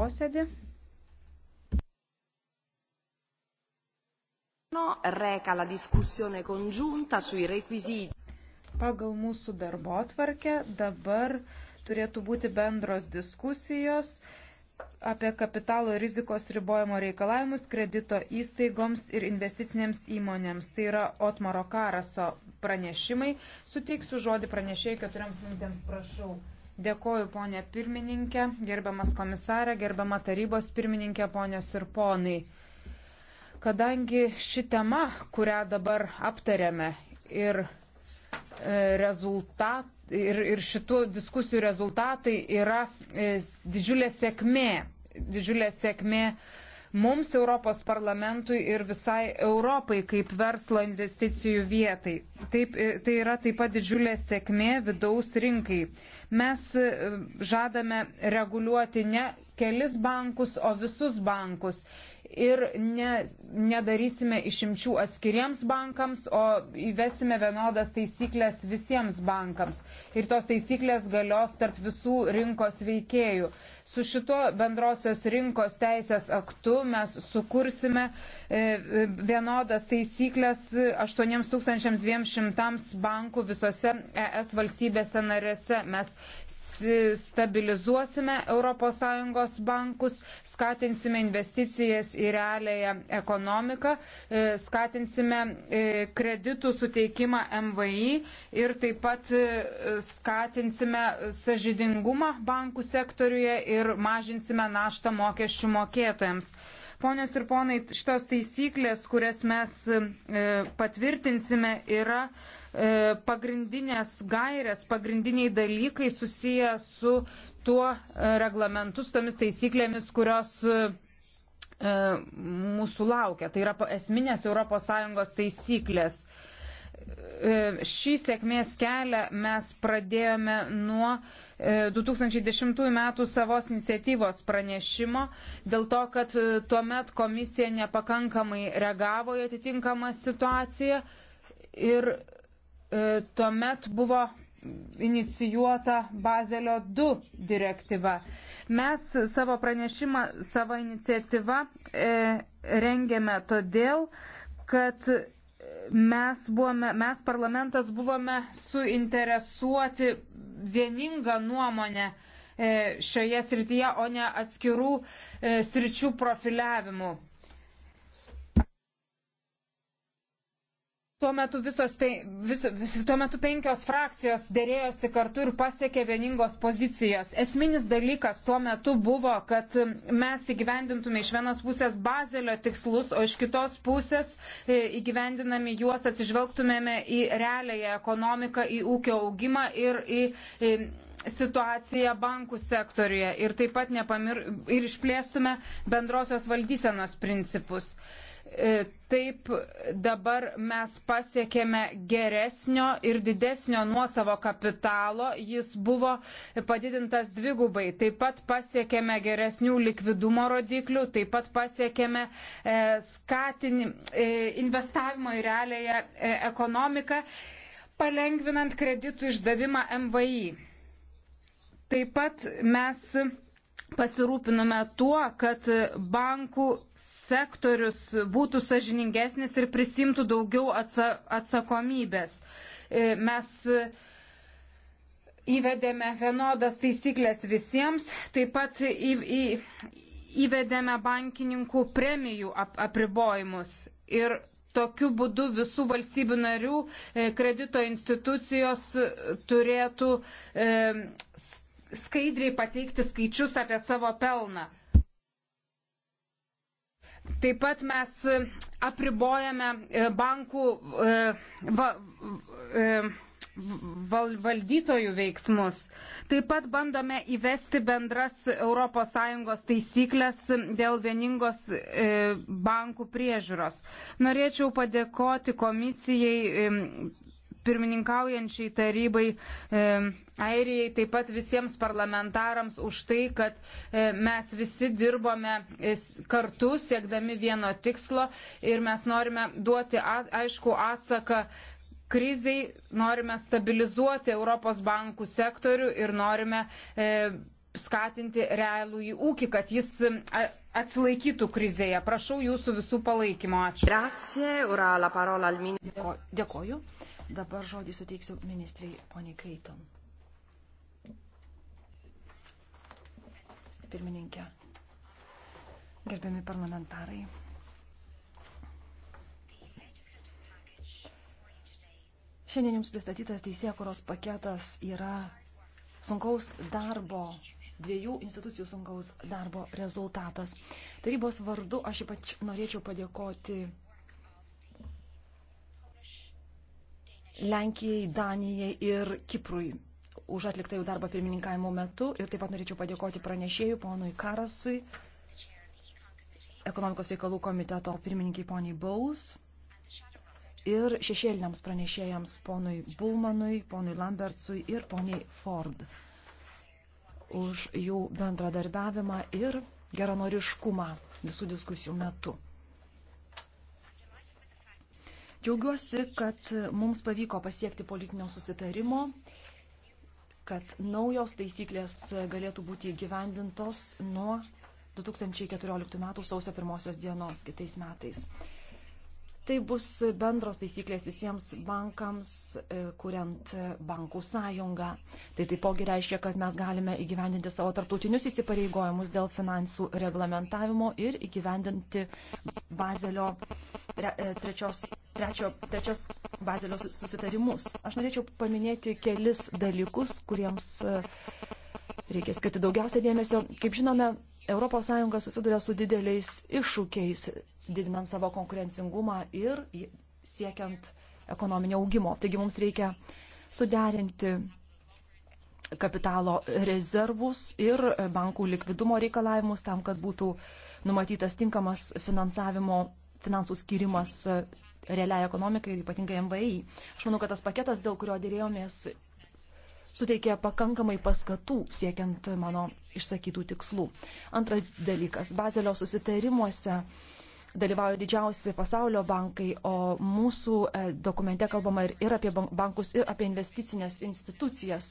posėdį. Reka la diskusione congiunta sui requisiti. Pagal mūsų darbo tvarkę dabar turėtų būti bendros diskusijos apie kapitalo rizikos ribojimo reikalavimus kredito įstaigoms ir investicinėms įmonėms. Tai yra Otmaro Karaso pranešimai. Suteiksiu žodį pranešėjai keturioms minutėms, prašau. Dėkoju, ponė pirmininkė, gerbiamas komisarė, gerbiama tarybos pirmininkė, ponios ir ponai. Kadangi ši tema, kurią dabar aptarėme ir, e, rezultat, ir, ir šitų diskusijų rezultatai yra e, didžiulė sėkmė, didžiulė sėkmė mums Europos parlamentui ir visai Europai kaip verslo investicijų vietai. Taip, e, tai yra taip pat didžiulė sėkmė vidaus rinkai. Mes e, žadame reguliuoti ne kelis bankus, o visus bankus. Ir ne, nedarysime išimčių atskiriems bankams, o įvesime vienodas taisyklės visiems bankams. Ir tos taisyklės galios tarp visų rinkos veikėjų. Su šito bendrosios rinkos teisės aktu mes sukursime e, e, vienodas taisyklės 8200 bankų visose ES valstybėse narėse. Mes stabilizuosime ES bankus, skatinsime investicijas į realiąją ekonomiką, e, skatinsime e, kreditų suteikimą MVI ir taip pat e, skatinsime sažidingumą bankų sektoriuje ir mažinsime naštą mokesčių mokėtojams. Ponios ir ponai, šitos taisyklės, kurias mes e, patvirtinsime, yra e, pagrindinės gairės, pagrindiniai dalykai susiję su tuo e, reglamentu, su tomis taisyklėmis, kurios mūsų laukia. Tai yra esminės ES taisyklės. Šį sėkmės kelią mes pradėjome nuo uh, 2010 e, m. savos iniciatyvos pranešimo dėl to, kad e, tuo met komisija nepakankamai reagavo į atitinkamą situaciją ir e, tuo met buvo inicijuota Bazelio 2 direktyva. Mes savo pranešimą, savo iniciatyvą e, rengėme todėl, kad mes, buvome, mes parlamentas buvome suinteresuoti vieningą nuomonę e, šioje srityje, o ne atskirų e, sričių profiliavimu. Tuo metu, visos, vis, vis, tuo metu penkios frakcijos dėrėjosi kartu ir pasiekė vieningos pozicijos. Esminis dalykas tuo metu buvo, kad mes įgyvendintume iš vienos pusės bazelio tikslus, o iš kitos pusės e, įgyvendinami juos atsižvelgtumėme į realiąją ekonomiką, į ūkio augimą ir į. į e, situaciją bankų sektoriuje ir taip pat nepamir ir išplėstume bendrosios valdysenos principus. Uh, E, taip dabar mes pasiekėme geresnio ir didesnio nuosavo kapitalo, jis buvo padidintas dvigubai. Taip pat pasiekėme geresnių likvidumo rodiklių, taip pat pasiekėme e, skatinį, e, investavimo į realiąją e, ekonomiką, palengvinant kreditų išdavimą MVI. Taip pat mes pasirūpinome tuo, kad bankų sektorius būtų sažiningesnis ir prisimtų daugiau atsa atsakomybės. E, mes įvedėme vienodas taisyklės visiems, taip pat į, į, įvedėme bankininkų premijų ap apribojimus. Ir tokiu būdu visų valstybių narių e, kredito institucijos turėtų e, skaidriai pateikti skaičius apie savo pelną. Taip pat mes e, apribojame e, bankų e, va, val, valdytojų veiksmus. Taip pat bandome įvesti bendras ES taisyklės dėl vieningos bankų priežiūros. Norėčiau padėkoti komisijai, pirmininkaujančiai tarybai e, Airijai, taip pat visiems parlamentarams už tai, kad e, mes visi dirbome e, kartu, siekdami vieno tikslo ir mes norime duoti at, aišku atsaką kriziai, norime stabilizuoti Europos bankų sektorių ir norime e, skatinti realų į ūkį, kad jis atsilaikytų krizėje. Prašau jūsų visų palaikymo. Ačiū. Grazie, ora la parola al ministro. Dėkoju. Dabar žodį suteiksiu ministrai poniai Kreiton. Pirmininkė, gerbiami parlamentarai. Šiandien jums pristatytas teisėkuros paketas yra sunkaus darbo, dviejų institucijų sunkaus darbo rezultatas. Tarybos vardu aš ypač norėčiau padėkoti Lenkijai, Danijai ir Kiprui už atliktą jų darbą pirmininkavimo metu. Ir taip pat norėčiau padėkoti pranešėjų ponui Karasui, ekonomikos reikalų komiteto pirmininkai poniai Baus ir šešėliniams pranešėjams ponui Bulmanui, ponui Lambertsui ir poniai Ford už jų bendradarbiavimą ir geranoriškumą visų diskusijų metu. Džiaugiuosi, kad mums pavyko pasiekti politinio susitarimo, kad naujos taisyklės galėtų būti įgyvendintos nuo 2014 m. sausio 1 dienos kitais metais. Tai bus bendros taisyklės visiems bankams, e, kuriant bankų sąjungą. Tai taipogi reiškia, kad mes galime įgyvendinti savo tarptautinius įsipareigojimus dėl finansų reglamentavimo ir įgyvendinti Bazelio e, trečios trečio, trečias Bazelio susitarimus. Aš norėčiau paminėti kelis dalykus, kuriems e, reikia skirti daugiausia dėmesio. Kaip žinome, ES susiduria su dideliais iššūkiais, didinant savo konkurencingumą ir siekiant ekonominio augimo. Taigi mums reikia suderinti kapitalo rezervus ir bankų likvidumo reikalavimus tam, kad būtų numatytas tinkamas finansavimo finansų skirimas realiai ekonomikai ir ypatingai MVI. Aš manau, kad tas paketas, dėl kurio dėrėjomės, suteikė pakankamai paskatų siekiant mano išsakytų tikslų. Antras dalykas - Bazelio susitarimuose dalyvauja didžiausi pasaulio bankai, o mūsų e, dokumente kalbama ir, ir apie bankus, ir apie investicinės institucijas.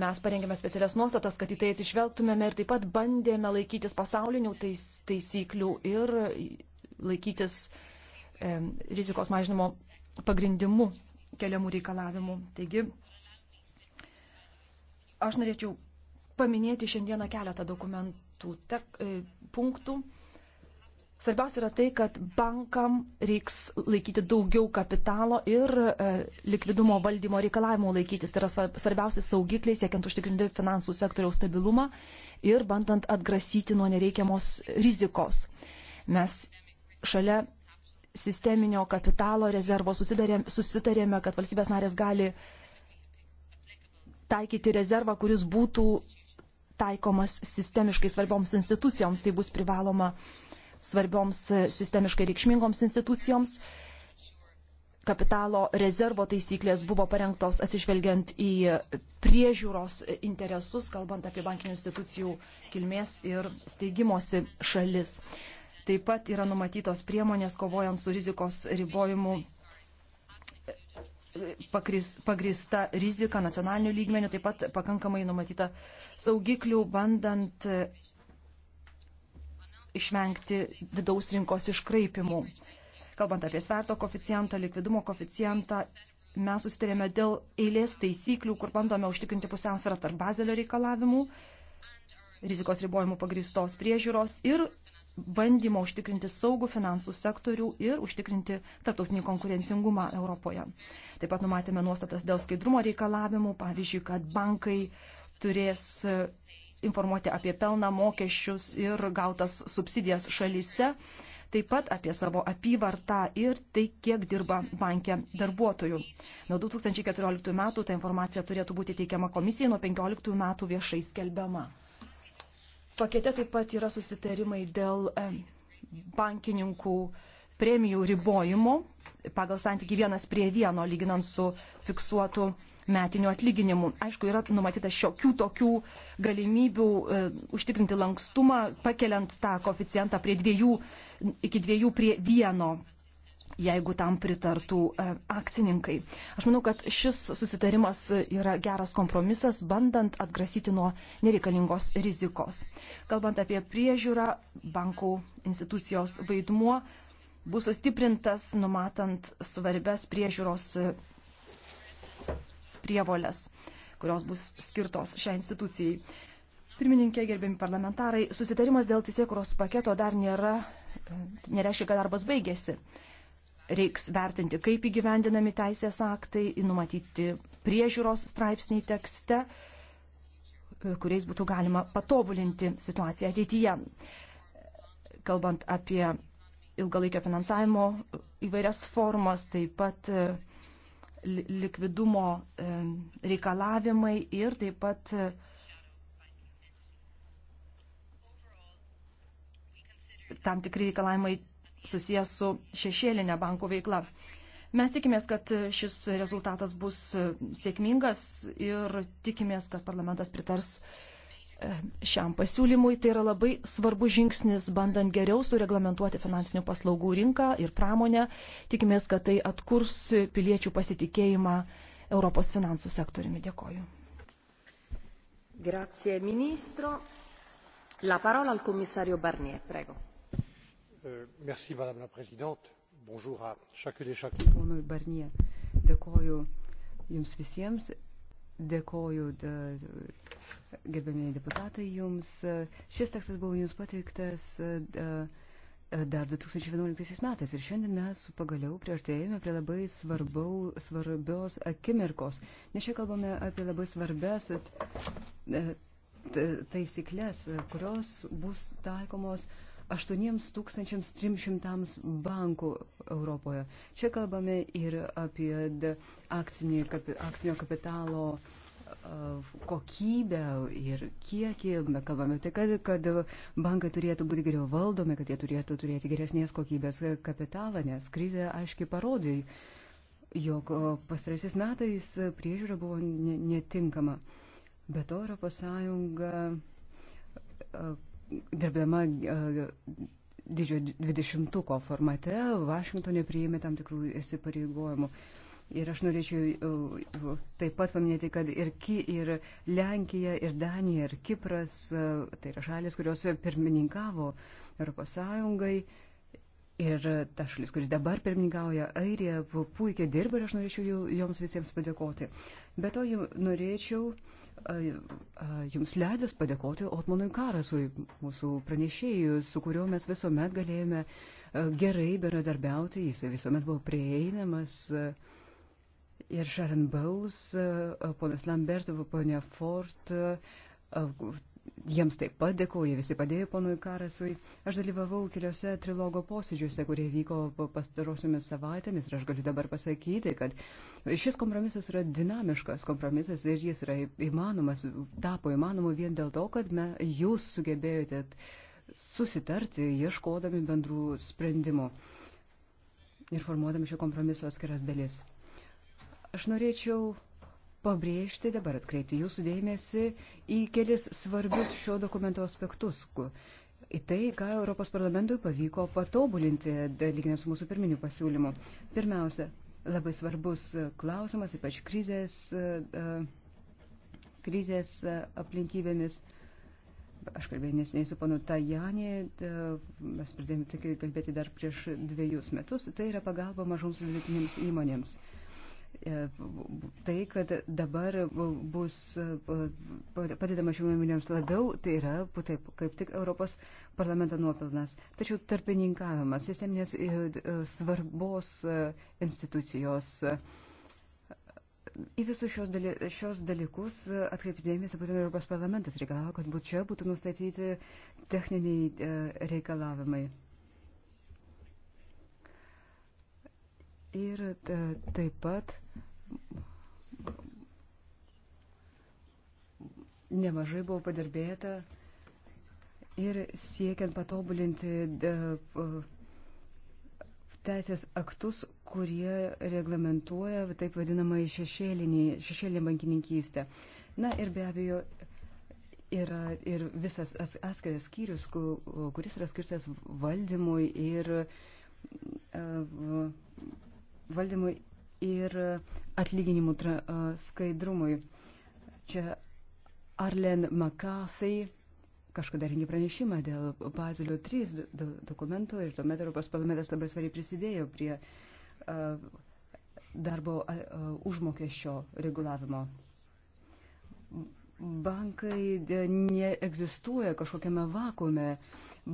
Mes parengėme specialias nuostatas, kad į tai atsižvelgtumėme ir taip pat bandėme laikytis pasaulinių tais, taisyklių ir laikytis uh, E, rizikos mažinimo pagrindimu keliamų reikalavimų. Taigi, aš norėčiau paminėti šiandieną keletą dokumentų tek, e, punktų. Svarbiausia yra tai, kad bankam reiks laikyti daugiau kapitalo ir e, likvidumo valdymo reikalavimų laikytis. Tai yra svarbiausi saugikliai siekiant užtikrinti finansų sektoriaus stabilumą ir bandant atgrasyti nuo nereikiamos rizikos. Mes šalia sisteminio kapitalo rezervo susidarėm, susitarėme, kad valstybės narės gali taikyti rezervą, kuris būtų taikomas sistemiškai svarbioms institucijoms, tai bus privaloma svarbioms e, sistemiškai reikšmingoms institucijoms. Kapitalo rezervo taisyklės buvo parengtos atsižvelgiant į priežiūros interesus, kalbant apie bankinių institucijų kilmės ir steigimosi šalis. Taip pat yra numatytos priemonės kovojant su rizikos ribojimu pagrįsta rizika nacionaliniu lygmeniu, taip pat pakankamai numatyta saugiklių, bandant e, išvengti vidaus rinkos iškraipimų. Kalbant apie sverto koficijantą, likvidumo koficijantą, mes susitarėme dėl eilės taisyklių, kur bandome užtikrinti pusiausvyrą tarp bazelio reikalavimų, rizikos ribojimų pagristos priežiūros ir bandymo užtikrinti saugų finansų sektorių ir užtikrinti tarptautinį konkurencingumą Europoje. Taip pat numatėme nuostatas dėl skaidrumo reikalavimų, pavyzdžiui, kad bankai turės e, informuoti apie pelną, mokesčius ir gautas subsidijas šalyse, taip pat apie savo apyvartą ir tai, kiek dirba bankė darbuotojų. Nuo 2014 metų ta informacija turėtų būti teikiama komisijai, nuo 2015 metų viešai skelbiama. Pakete taip pat yra susitarimai dėl bankininkų premijų ribojimo pagal santyki vienas prie vieno, lyginant su fiksuotu metiniu atlyginimu. Aišku, yra numatyta šiokių tokių galimybių e, užtikrinti lankstumą, pakeliant tą koficijantą prie dviejų, iki dviejų prie vieno jeigu tam pritartų e, akcininkai. Aš manau, kad šis susitarimas yra geras kompromisas, bandant atgrasyti nuo nereikalingos rizikos. Kalbant apie priežiūrą, bankų institucijos vaidmuo bus sustiprintas, numatant svarbias priežiūros e, prievolės, kurios bus skirtos šiai institucijai. Pirmininkė, gerbėmi parlamentarai, susitarimas dėl teisėkuros paketo dar nėra, e, nereiškia, kad darbas baigėsi reiks vertinti, kaip įgyvendinami teisės aktai, numatyti priežiūros straipsniai tekste, kuriais būtų galima patobulinti situaciją ateityje. Kalbant apie ilgalaikio finansavimo įvairias formas, taip pat e, likvidumo e, reikalavimai ir taip pat e, tam tikri reikalavimai susijęs su šešėlinė banko veikla. Mes tikimės, kad šis rezultatas bus e, sėkmingas ir tikimės, kad parlamentas pritars e, šiam pasiūlymui. Tai yra labai svarbus žingsnis, bandant geriau sureglamentuoti finansinių paslaugų rinką ir pramonę. Tikimės, kad tai atkurs piliečių pasitikėjimą Europos finansų sektoriumi. Dėkoju. Grazie, ministro. La parola al commissario Barnier, prego. Euh, merci, Madame la Présidente. Bonjour à chacune et chacun. Ponui Barnie, dėkoju Jums visiems, dėkoju de, gerbėmiai deputatai Jums. Šis tekstas buvo Jums pateiktas dar 2011 metais ir šiandien mes pagaliau priartėjame prie labai svarbau, svarbios akimirkos, nes čia kalbame apie labai svarbes e, taisyklės, kurios bus taikomos uh, 8300 bankų Europoje. Čia kalbame ir apie akcinį, akcinio kapitalo kokybę ir kiekį. Mes kalbame tai, kad, kad bankai turėtų būti geriau valdomi, kad jie turėtų turėti geresnės kokybės kapitalą, nes krizė aiškiai parodė, jog pastaraisiais metais priežiūra buvo netinkama. Be to, ES dirbdama didžio dvidešimtuko formate Vašingtonė priėmė tam tikrų įsipareigojimų. Ir aš norėčiau taip pat paminėti, kad ir, Ki, ir Lenkija, ir Danija, ir Kipras, tai yra šalis, kurios pirmininkavo Europos Sąjungai, uh, Ir ta šalis, kuris dabar pirmininkauja, Airija, puikiai dirba ir aš norėčiau joms visiems padėkoti. Be to, norėčiau jums leidus padėkoti Otmanui Karasui, mūsų pranešėjui, su kuriuo mes visuomet galėjome gerai bendradarbiauti, jis visuomet buvo prieinamas. Ir Sharon Bowles, ponas Lambert, ponia Ford, Jiems taip pat dėkoju, visi padėjo ponui Karasui. Aš dalyvavau keliose trilogo posėdžiuose, kurie vyko pastarosiomis savaitėmis ir aš galiu dabar pasakyti, kad šis kompromisas yra dinamiškas kompromisas ir jis yra įmanomas, tapo įmanomu vien dėl to, kad me, jūs sugebėjote susitarti, ieškodami bendrų sprendimų ir formuodami šio kompromiso atskiras dalis. Aš norėčiau pabrėžti, dabar atkreipti jūsų dėmesį į kelis svarbius šio dokumento aspektus. Į tai, ką Europos parlamentui pavyko patobulinti, lyginant su mūsų pirminiu pasiūlymu. Pirmiausia, labai svarbus klausimas, ypač krizės, krizės aplinkybėmis. Aš kalbėjau nesiniai su panu Tajanė, mes pradėjome tai kalbėti dar prieš dviejus metus. Tai yra pagalba mažoms vidutinėms įmonėms. E, tai, kad dabar bus e, padedama šeiminims labiau, tai yra taip, kaip tik Europos parlamento nuopelnas. Tačiau tarpininkavimas, sisteminės e, svarbos institucijos. Į visus šios, daly, šios dalykus atkreipdėmėsi būtent Europos parlamentas reikalavo, kad būt čia būtų nustatyti techniniai reikalavimai. Ir e, taip pat nemažai buvo padirbėta ir siekiant patobulinti e, teisės aktus, kurie reglamentuoja taip vadinamą šešėlinį bankininkystę. Na ir be abejo yra ir visas atskiras skyrius, kuris yra skirtas valdymui ir e, valdymui ir atlyginimų skaidrumui. Čia Arlen Makasai kažkada rengė pranešimą dėl Bazilio 3 do dokumento ir tuomet Europos parlamentas labai svariai prisidėjo prie uh, darbo uh, užmokesčio reguliavimo. Bankai e, neegzistuoja kažkokiame vakume.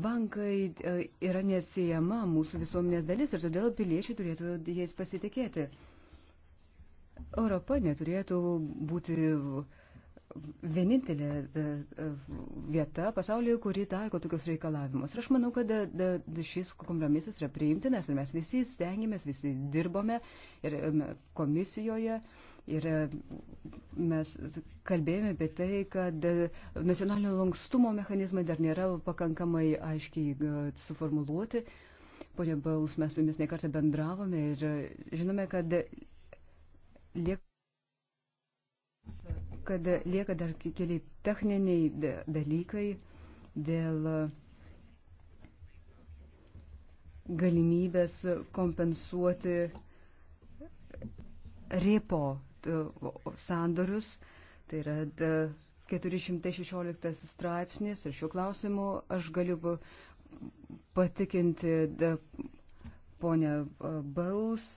Bankai e, yra neatsiejama mūsų visuomenės dalis ir todėl piliečiai turėtų jais pasitikėti. Europa neturėtų būti uh, vienintelė e, e, vieta pasaulyje, kuri taiko tokius reikalavimus. Ir aš manau, kad e, šis kompromisas yra priimtinas ir mes visi stengiamės, visi dirbome ir komisijoje. Ir mes kalbėjome apie tai, kad nacionalinio lankstumo mechanizmai dar nėra pakankamai aiškiai suformuluoti. Pone Baus, mes su jumis nekartą bendravome ir žinome, kad lieka kad lieka dar keli techniniai dalykai dėl galimybės kompensuoti repo sandorius. Tai yra 416 straipsnis ir šiuo klausimu aš galiu patikinti ponę e, Baus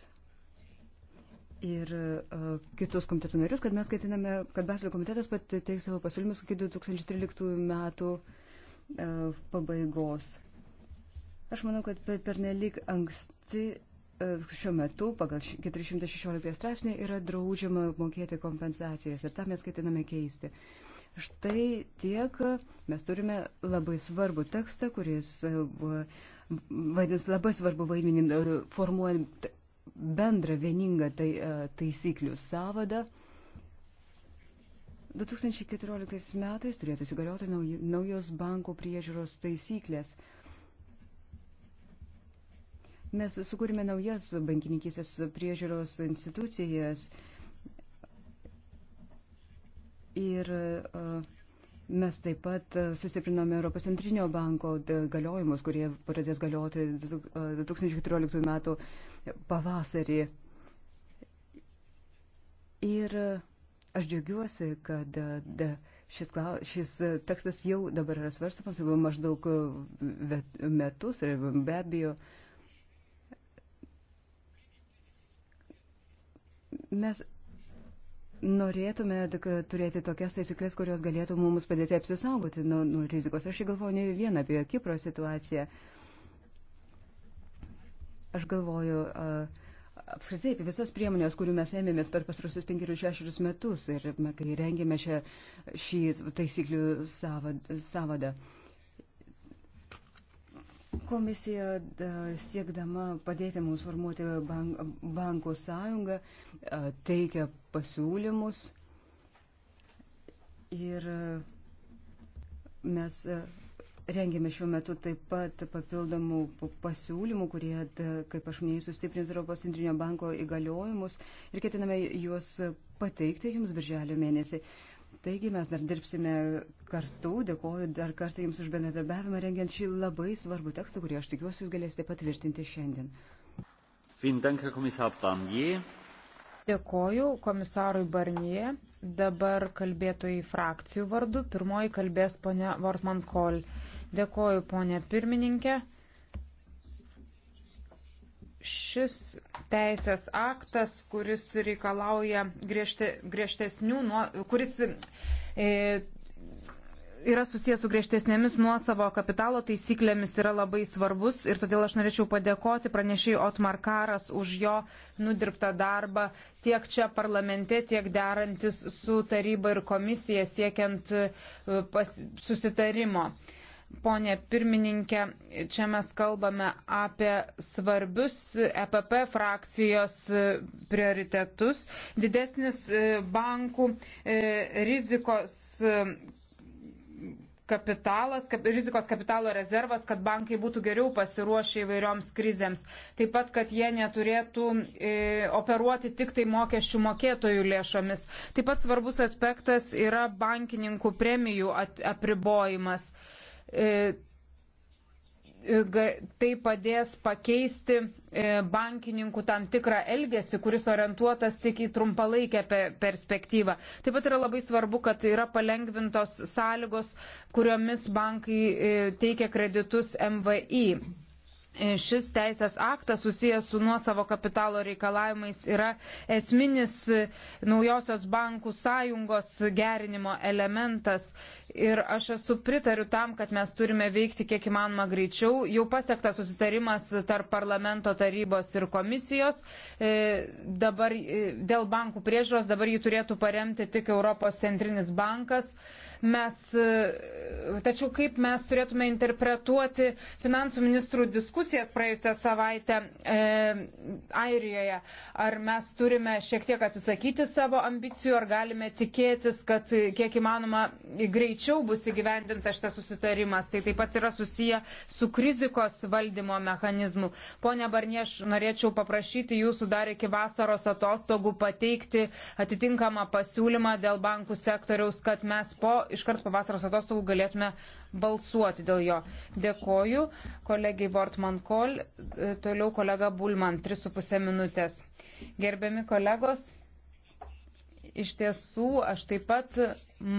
ir uh, kitus komiteto narius, kad mes skaitiname, kad Baselio komitetas pateiks savo pasiūlymus iki 2013 metų uh, pabaigos. Aš manau, kad per nelik anksti uh, šiuo metu pagal 416 straipsnį yra draudžiama mokėti kompensacijas ir tą mes skaitiname keisti. Štai tiek mes turime labai svarbų tekstą, kuris uh, vadins labai svarbu vaidmenį formuojant bendrą vieningą tai, e, taisyklių savadą. 2014 metais turėtų įsigalioti naujos bankų priežiūros taisyklės. Mes sukūrėme naujas bankininkysės priežiūros institucijas ir uh, Mes taip pat e, sustiprinome Europos centrinio banko e, galiojimus, kurie pradės galioti 2014 e, metų pavasarį. Ir aš džiaugiuosi, kad šis, šis tekstas jau dabar yra svarstamas, jau maždaug metus ir be abejo. Mes norėtume turėti tokias taisyklės, kurios galėtų mums padėti apsisaugoti nuo, nuo rizikos. Aš galvoju ne vieną apie Kipro situaciją. Aš galvoju apskritai apie visas priemonės, kurių mes ėmėmės per pastarusius penkerius šešerius metus ir kai rengėme šią, šį taisyklių savadą. savadą. Komisija siekdama padėti mums formuoti bankų sąjungą teikia pasiūlymus ir mes Rengėme šiuo metu taip pat papildomų pasiūlymų, kurie, kaip aš minėjau, sustiprins Europos centrinio banko įgaliojimus ir ketiname juos pateikti jums birželio mėnesį. Taigi mes dar dirbsime kartu. Dėkoju dar kartą Jums už bendradarbiavimą rengiant šį labai svarbų tekstą, kurį aš tikiuosi Jūs galėsite patvirtinti šiandien. Dėkoju komisarui Barnie. Dabar kalbėtojai frakcijų vardu. Pirmoji kalbės ponia Vortman Kol. Dėkoju ponia pirmininkė šis teisės aktas, kuris reikalauja griežte, griežtesnių, nuo, kuris e, yra susijęs su griežtesnėmis nuosavo kapitalo taisyklėmis yra labai svarbus ir todėl aš norėčiau padėkoti pranešėjui Otmar Karas už jo nudirbtą darbą tiek čia parlamente, tiek derantis su taryba ir komisija siekiant e, pas, susitarimo. Uh, Pone pirmininkė, čia mes kalbame apie svarbius EPP frakcijos prioritetus. Didesnis e, bankų e, rizikos e, kapitalas, kap, rizikos kapitalo rezervas, kad bankai būtų geriau pasiruošę įvairioms krizėms. Taip pat, kad jie neturėtų e, operuoti tik tai mokesčių mokėtojų lėšomis. Taip pat svarbus aspektas yra bankininkų premijų at, apribojimas. E, E, e, tai padės pakeisti e, bankininkų tam tikrą elgesį, kuris orientuotas tik į trumpalaikę perspektyvą. Taip pat yra labai svarbu, kad yra palengvintos sąlygos, kuriomis bankai teikia kreditus MVI šis teisės aktas susijęs su nuosavo kapitalo reikalavimais yra esminis naujosios bankų sąjungos gerinimo elementas. Ir aš esu pritariu tam, kad mes turime veikti kiek įmanoma greičiau. Jau pasiektas susitarimas tarp parlamento tarybos ir komisijos. E, dabar e, dėl bankų priežiūros dabar jį turėtų paremti tik Europos centrinis bankas mes, e, tačiau kaip mes turėtume interpretuoti finansų ministrų diskusijas praėjusią savaitę e, Airijoje. Ar mes turime šiek tiek atsisakyti savo ambicijų, ar galime tikėtis, kad kiek įmanoma greičiau bus įgyvendinta šitas susitarimas. Tai taip pat yra susiję su krizikos valdymo mechanizmu. Pone Barnie, aš norėčiau paprašyti jūsų dar iki vasaros atostogų pateikti atitinkamą pasiūlymą dėl bankų sektoriaus, kad mes po iškart po vasaros atostogų galėtume balsuoti dėl jo. Dėkoju kolegiai Vortman Kol, e, toliau kolega Bulman, 3,5 minutės. Gerbiami kolegos, iš tiesų aš taip pat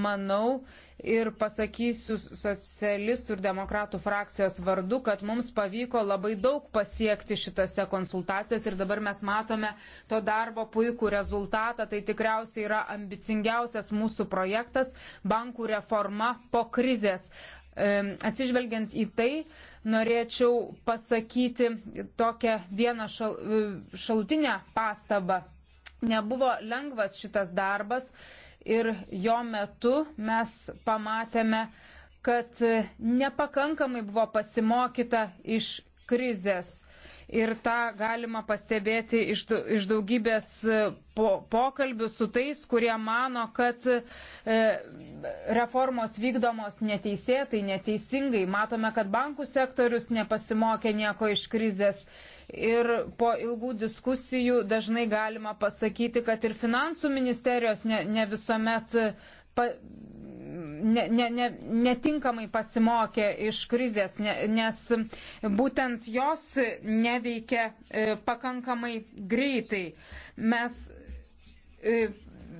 manau, ir pasakysiu socialistų ir demokratų frakcijos vardu, kad mums pavyko labai daug pasiekti šitose konsultacijose ir dabar mes matome to darbo puikų rezultatą. Tai tikriausiai yra ambicingiausias mūsų projektas - bankų reforma po krizės. Atsižvelgiant į tai, norėčiau pasakyti tokią vieną šal, e, šaltinę pastabą. Nebuvo lengvas šitas darbas ir jo metu mes pamatėme, kad nepakankamai buvo pasimokyta iš krizės. Ir tą galima pastebėti iš, iš daugybės e, po, pokalbių su tais, kurie mano, kad e, reformos vykdomos neteisėtai, neteisingai. Matome, kad bankų sektorius nepasimokė nieko iš krizės. E, ir po ilgų diskusijų dažnai galima pasakyti, kad ir finansų ministerijos ne, ne visuomet pa, ne, ne, ne, netinkamai pasimokė iš krizės, ne, nes būtent jos neveikia e, pakankamai greitai. Mes e,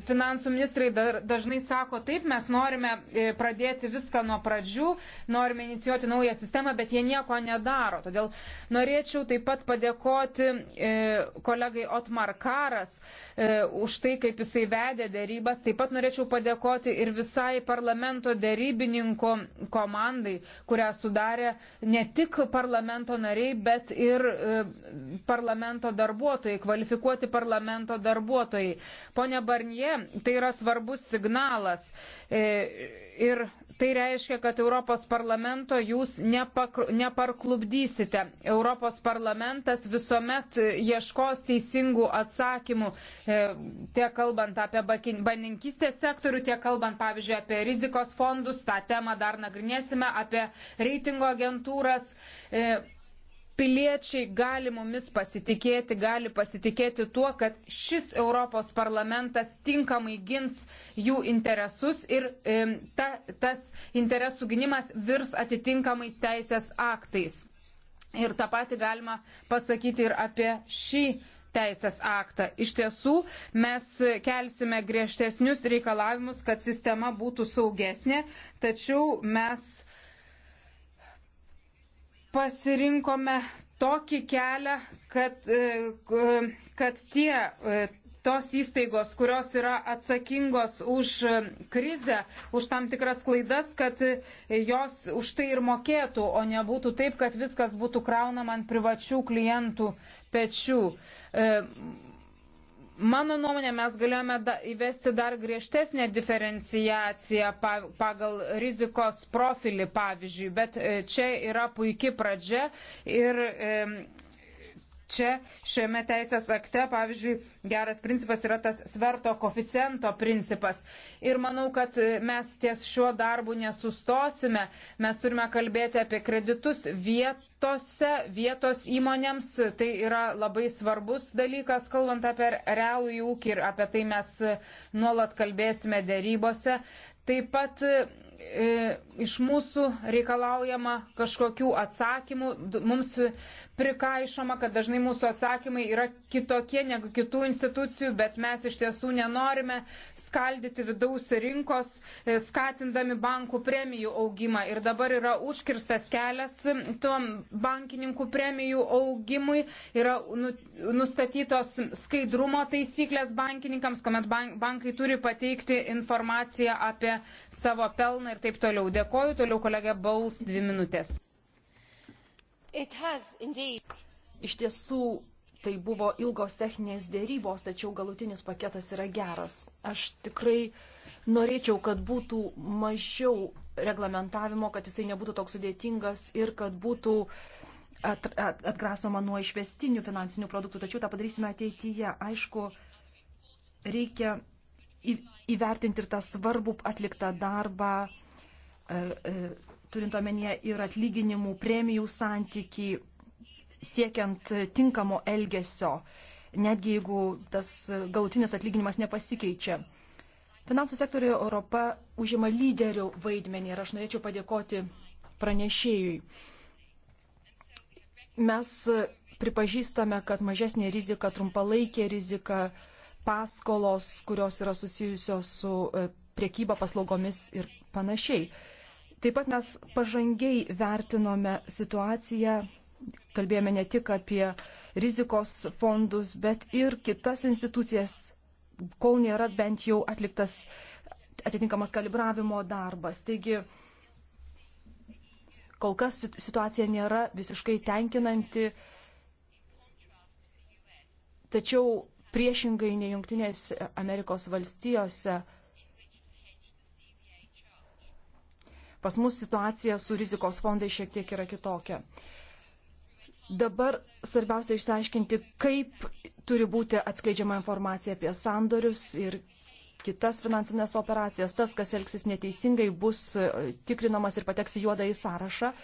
finansų ministrai dažnai sako, taip, mes norime e, pradėti viską nuo pradžių, norime inicijuoti naują sistemą, bet jie nieko nedaro. Todėl norėčiau taip pat padėkoti e, kolegai Otmar Karas e, už tai, kaip jisai vedė dėrybas. Taip pat norėčiau padėkoti ir visai parlamento dėrybininko komandai, kurią sudarė ne tik parlamento nariai, bet ir parlamento darbuotojai, kvalifikuoti parlamento darbuotojai. Pone Barnie, Deja, tai yra svarbus signalas. E, ir tai reiškia, kad Europos parlamento jūs nepak, neparklubdysite. Europos parlamentas visuomet ieškos teisingų atsakymų, e, tiek kalbant apie baninkistės sektorių, tiek kalbant, pavyzdžiui, apie rizikos fondus. Ta tema dar nagrinėsime, apie reitingo agentūras. E, piliečiai gali mumis pasitikėti, gali pasitikėti tuo, kad šis Europos parlamentas tinkamai gins jų interesus ir e, ta, tas interesų gynimas virs atitinkamais teisės aktais. Ir tą patį galima pasakyti ir apie šį teisės aktą. Iš tiesų, mes kelsime griežtesnius reikalavimus, kad sistema būtų saugesnė, tačiau mes pasirinkome tokį kelią, kad, e, kad tie e, tos įstaigos, kurios yra atsakingos už e, krizę, už tam tikras klaidas, kad jos už tai ir mokėtų, o nebūtų taip, kad viskas būtų kraunama ant privačių klientų pečių. Mano nuomonė, mes galėjome da, įvesti dar griežtesnę diferenciaciją pa, pagal rizikos profilį, pavyzdžiui, bet e, čia yra puikia pradžia ir e, čia šiame teisės akte, pavyzdžiui, geras principas yra tas sverto koficento principas. Ir manau, kad mes ties šiuo darbu nesustosime. Mes turime kalbėti apie kreditus vietose, vietos įmonėms. Tai yra labai svarbus dalykas, kalbant apie realų ūkį ir apie tai mes nuolat kalbėsime dėrybose. Taip pat E, iš mūsų reikalaujama kažkokių atsakymų, mums prikaišoma, kad dažnai mūsų atsakymai yra kitokie negu kitų institucijų, bet mes iš tiesų nenorime skaldyti vidaus rinkos, e, skatindami bankų premijų augimą. Ir dabar yra užkirstas kelias tom bankininkų premijų augimui, yra nu, nustatytos skaidrumo taisyklės bankininkams, kuomet bankai turi pateikti informaciją apie savo pelną ir taip toliau. Dėkoju, toliau kolegė Baus, dvi minutės. Iš tiesų, tai buvo ilgos techninės dėrybos, tačiau galutinis paketas yra geras. Aš tikrai norėčiau, kad būtų mažiau reglamentavimo, kad jisai nebūtų toks sudėtingas ir kad būtų at, at, atgrasoma nuo išvestinių finansinių produktų, tačiau tą padarysime ateityje. Aišku, reikia įvertinti ir tą svarbų atliktą darbą, E, e, turint omenyje ir atlyginimų, premijų santyki, siekiant tinkamo elgesio, netgi jeigu tas galutinis atlyginimas nepasikeičia. Finansų sektoriuje Europa užima lyderių vaidmenį ir aš norėčiau padėkoti pranešėjui. Mes pripažįstame, kad mažesnė rizika, trumpalaikė rizika, paskolos, kurios yra susijusios su e, priekyba paslaugomis ir panašiai. Taip pat mes pažangiai vertinome situaciją, kalbėjome ne tik apie rizikos fondus, bet ir kitas institucijas, kol nėra bent jau atliktas atitinkamas kalibravimo darbas. Taigi, kol kas situacija nėra visiškai tenkinanti, tačiau priešingai nei Junktinės Amerikos valstijose Pas mus situacija su rizikos fondai šiek tiek yra kitokia. Dabar svarbiausia išsiaiškinti, kaip turi būti atskleidžiama informacija apie sandorius ir kitas finansinės operacijas. Tas, kas elgsis neteisingai, bus e, tikrinamas ir pateks į juodą į sąrašą.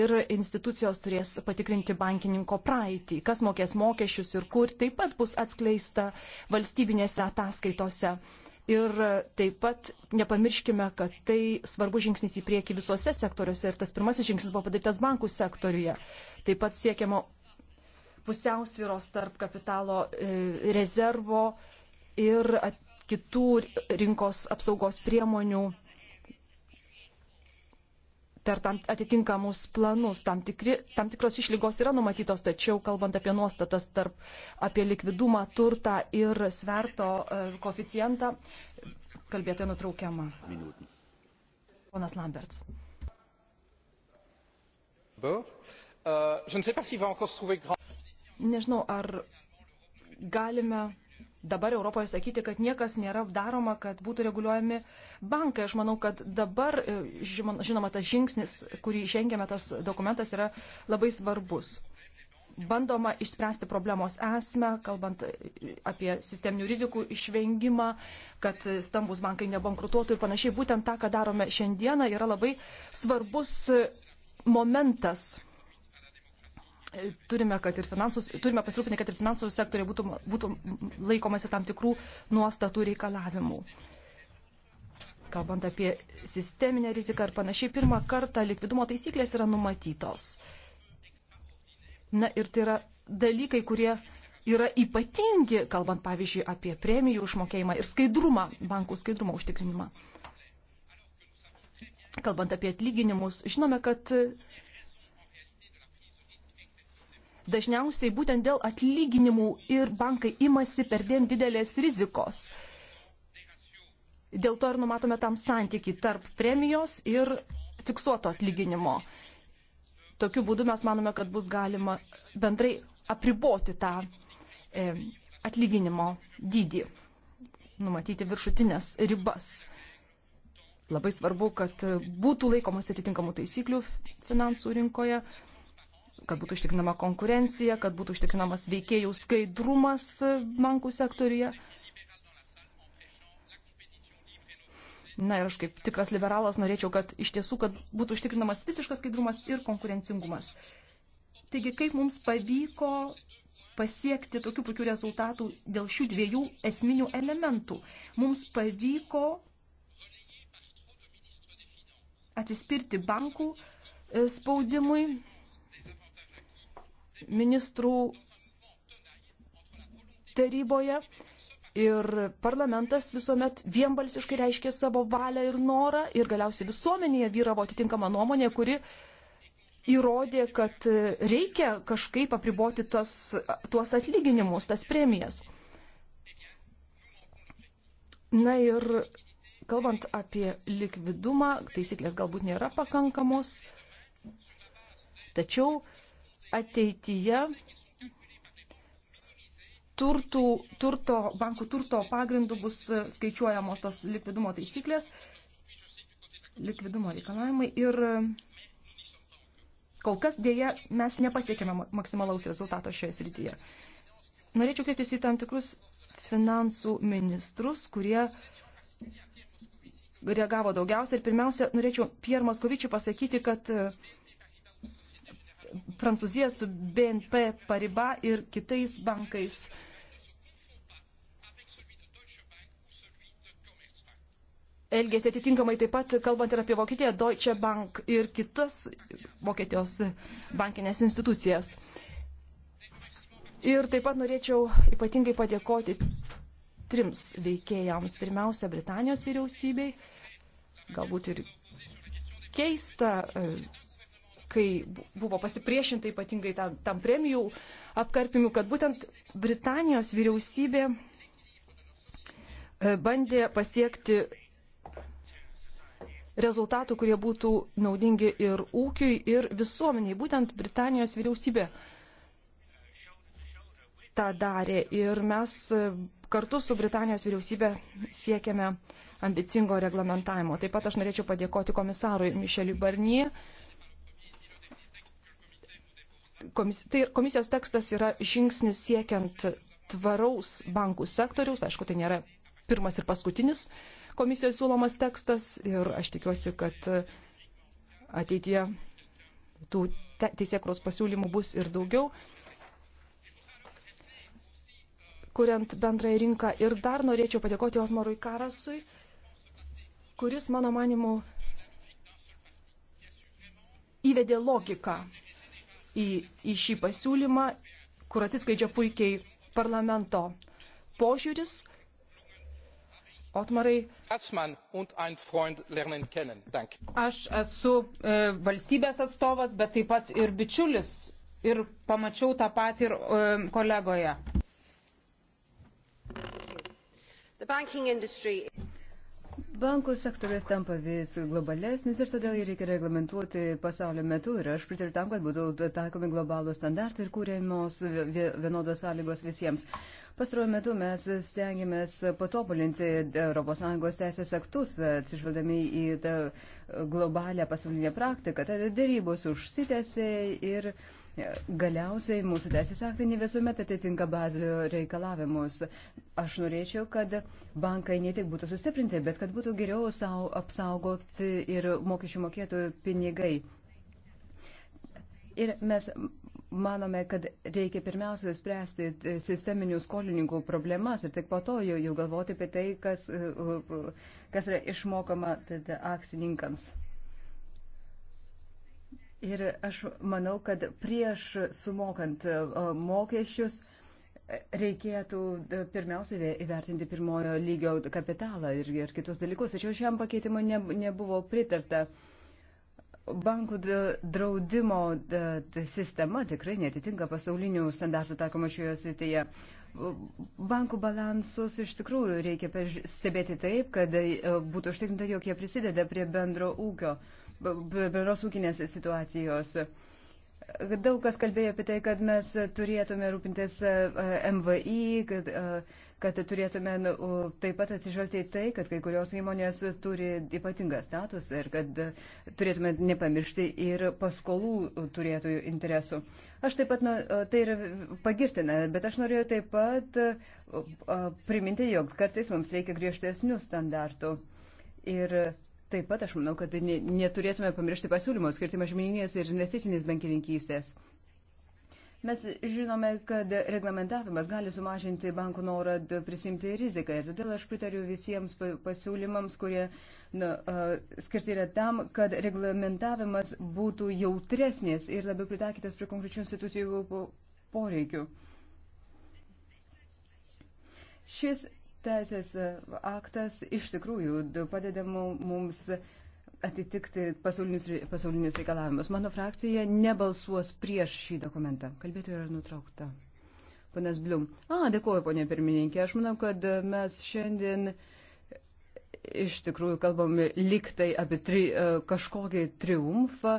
Ir institucijos turės patikrinti bankininko praeitį, kas mokės mokesčius ir kur taip pat bus atskleista valstybinėse ataskaitose. Ir taip pat nepamirškime, kad tai svarbus žingsnis į priekį visose sektoriuose ir tas pirmasis žingsnis buvo padarytas bankų sektoriuje. Taip pat siekiama pusiausviros tarp kapitalo e, rezervo ir kitų rinkos apsaugos priemonių per tam atitinkamus planus. Tam, tikri, tam tikros išlygos yra numatytos, tačiau kalbant apie nuostatas tarp apie likvidumą, turtą ir sverto e, koficijantą, kalbėtoja nutraukiama. Minutin. Ponas Lamberts. Euh, Nežinau, ar galime dabar Europoje sakyti, kad niekas nėra daroma, kad būtų reguliuojami bankai. Aš manau, kad dabar, e, žinoma, tas žingsnis, kurį žengėme, tas dokumentas yra labai svarbus. Bandoma išspręsti problemos esmę, kalbant e, apie sisteminių rizikų išvengimą, kad stambus bankai nebankrutuotų ir panašiai. Būtent tą, ką darome šiandieną, yra labai svarbus e, momentas turime, kad ir finansus, turime pasirūpinti, kad ir finansų sektoriai būtų, būtų laikomasi tam tikrų nuostatų reikalavimų. Kalbant apie sisteminę riziką ir panašiai, pirmą kartą likvidumo taisyklės yra numatytos. Na ir tai yra dalykai, kurie yra ypatingi, kalbant pavyzdžiui apie premijų užmokėjimą ir skaidrumą, bankų skaidrumo užtikrinimą. Kalbant apie atlyginimus, žinome, kad dažniausiai būtent dėl atlyginimų ir bankai imasi perdėm didelės rizikos. Dėl to ir numatome tam santyki tarp premijos ir fiksuoto atlyginimo. Tokiu būdu mes manome, kad bus galima bendrai apriboti tą e, atlyginimo dydį, numatyti viršutinės ribas. Labai svarbu, kad būtų laikomas atitinkamų taisyklių finansų rinkoje. E, kad būtų užtikrinama konkurencija, kad būtų užtikrinamas veikėjų skaidrumas bankų sektoriuje. Na ir aš kaip tikras liberalas norėčiau, kad iš tiesų, kad būtų užtikrinamas visiškas skaidrumas ir konkurencingumas. Taigi, kaip mums pavyko pasiekti tokių puikių rezultatų dėl šių dviejų esminių elementų? Mums pavyko atsispirti bankų e, spaudimui ministrų taryboje ir parlamentas visuomet vienbalsiškai reiškė savo valią ir norą ir galiausiai visuomenėje vyravo atitinkama nuomonė, kuri įrodė, kad reikia kažkaip apriboti tas, tuos atlyginimus, tas premijas. Na ir kalbant apie likvidumą, taisyklės galbūt nėra pakankamos, tačiau ateityje turtų, turto, bankų turto pagrindų bus skaičiuojamos tos likvidumo taisyklės, likvidumo reikalavimai ir kol kas dėja mes nepasiekėme maksimalaus rezultato šioje srityje. Norėčiau kreiptis į tam tikrus finansų ministrus, kurie reagavo daugiausia ir pirmiausia norėčiau Pierre Moskovičiui pasakyti, kad uh, Prancūzija su BNP Pariba ir kitais bankais. Elgėsi atitinkamai taip pat, kalbant ir apie Vokietiją, Deutsche Bank ir kitas Vokietijos bankinės institucijas. Ir taip pat norėčiau ypatingai padėkoti trims veikėjams. Pirmiausia, Britanijos vyriausybei, galbūt ir keista kai buvo pasipriešinta ypatingai tam, tam premijų apkarpimui, kad būtent Britanijos vyriausybė e, bandė pasiekti rezultatų, kurie būtų naudingi ir ūkiui, ir visuomeniai. Būtent Britanijos vyriausybė tą darė ir mes e, kartu su Britanijos vyriausybė siekiame ambicingo reglamentavimo. Taip pat aš norėčiau padėkoti komisarui Mišeliui Barnie komis, tai komisijos tekstas yra žingsnis siekiant tvaraus bankų sektoriaus. Aišku, tai nėra pirmas ir paskutinis komisijos siūlomas tekstas ir aš tikiuosi, kad ateityje tų te, teisėkros pasiūlymų bus ir daugiau, kuriant bendrąją rinką. Ir dar norėčiau padėkoti Otmarui Karasui, kuris, mano manimu, įvedė logiką į, į šį pasiūlymą, kur atsiskleidžia puikiai parlamento požiūris. Otmarai. Aš esu e, valstybės atstovas, bet taip pat ir bičiulis. Ir pamačiau tą patį ir e, kolegoje. Bankų sektorius tampa vis globalesnis ir todėl jį reikia reglamentuoti pasaulio metu ir aš pritariu tam, kad būtų taikomi globalų standartai ir kūrėmos vienodos sąlygos visiems. Pastaruoju metu mes stengiamės patobulinti ES teisės aktus, atsižvelgdami į tą globalę pasaulinę praktiką. Tad dėrybos užsitęsė ir. Uh, Galiausiai mūsų teisės aktai ne visuomet atitinka bazilio reikalavimus. Aš norėčiau, kad bankai ne tik būtų sustiprinti, bet kad būtų geriau savo apsaugoti ir mokesčių mokėtojų pinigai. Ir mes manome, kad reikia pirmiausia spręsti sisteminių skolininkų problemas ir tik po to jau, jau galvoti apie tai, kas, kas yra išmokama akcininkams. Ir aš manau, kad prieš sumokant e, mokesčius e, reikėtų e, pirmiausia įvertinti pirmojo lygio kapitalą ir, ir kitus dalykus. Tačiau šiam pakeitimui ne, nebuvo pritarta. Bankų draudimo sistema tikrai netitinka pasaulinių standartų taikoma šioje srityje. Bankų balansus iš tikrųjų reikia stebėti taip, kad būtų užtikrinta, jog jie prisideda prie bendro ūkio. Uh, bendros ūkinės situacijos. Daug kas kalbėjo apie tai, kad mes turėtume rūpintis e, e, MVI, kad, e, kad turėtume nu, taip pat atsižvelgti į tai, kad kai kurios įmonės turi ypatingą statusą ir kad turėtume nepamiršti ir paskolų turėtojų interesų. Aš taip pat, nu, tai yra pagirtina, bet aš norėjau taip pat priminti, jog kartais mums reikia griežtesnių standartų. Ir Taip pat aš manau, kad neturėtume pamiršti pasiūlymo skirti mažmeninės ir investicinės bankininkystės. Mes žinome, kad reglamentavimas gali sumažinti bankų norą prisimti riziką ir todėl aš pritariu visiems pasiūlymams, kurie nu, skirti yra tam, kad reglamentavimas būtų jautresnės ir labiau pritaikytas prie konkrečių institucijų poreikių. Šis teisės e, aktas iš tikrųjų padeda mums atitikti pasaulinius, pasaulinius reikalavimus. Mano frakcija nebalsuos prieš šį dokumentą. Kalbėtojai yra nutraukta. Panas Blium. A, dėkuoju, ponė pirmininkė. Aš manau, kad mes šiandien iš tikrųjų kalbam liktai apie tri, e, kažkokį triumfą,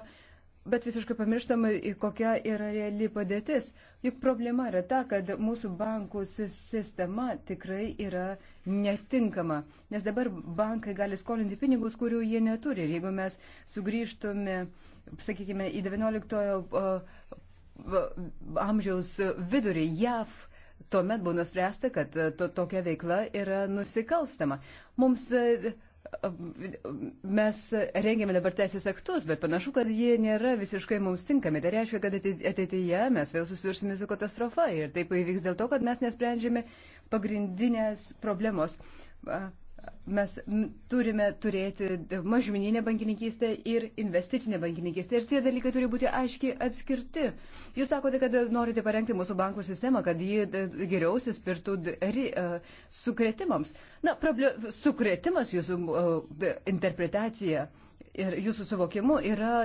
Bet visiškai pamirštama, kokia yra reali padėtis. Juk problema yra ta, kad mūsų bankų sistema tikrai yra netinkama. Nes dabar bankai gali skolinti pinigus, kurių jie neturi. Ir jeigu mes sugrįžtume, sakykime, į 19 amžiaus vidurį JAV, tuomet buvo nuspręsta, kad to, tokia veikla yra nusikalstama. Mums mes rengiame dabar teisės aktus, bet panašu, kad jie nėra visiškai mums tinkami. Tai reiškia, kad ateityje mes vėl susidursime su katastrofa ir taip įvyks dėl to, kad mes nesprendžiame pagrindinės problemos mes turime turėti mažmeninę bankininkystę ir investicinę bankininkystę. Ir tie dalykai turi būti aiškiai atskirti. Jūs sakote, kad norite parengti mūsų bankų sistemą, kad ji geriau sispirtų e, sukretimams. Na, problem, sukretimas jūsų e, interpretacija ir jūsų suvokimu yra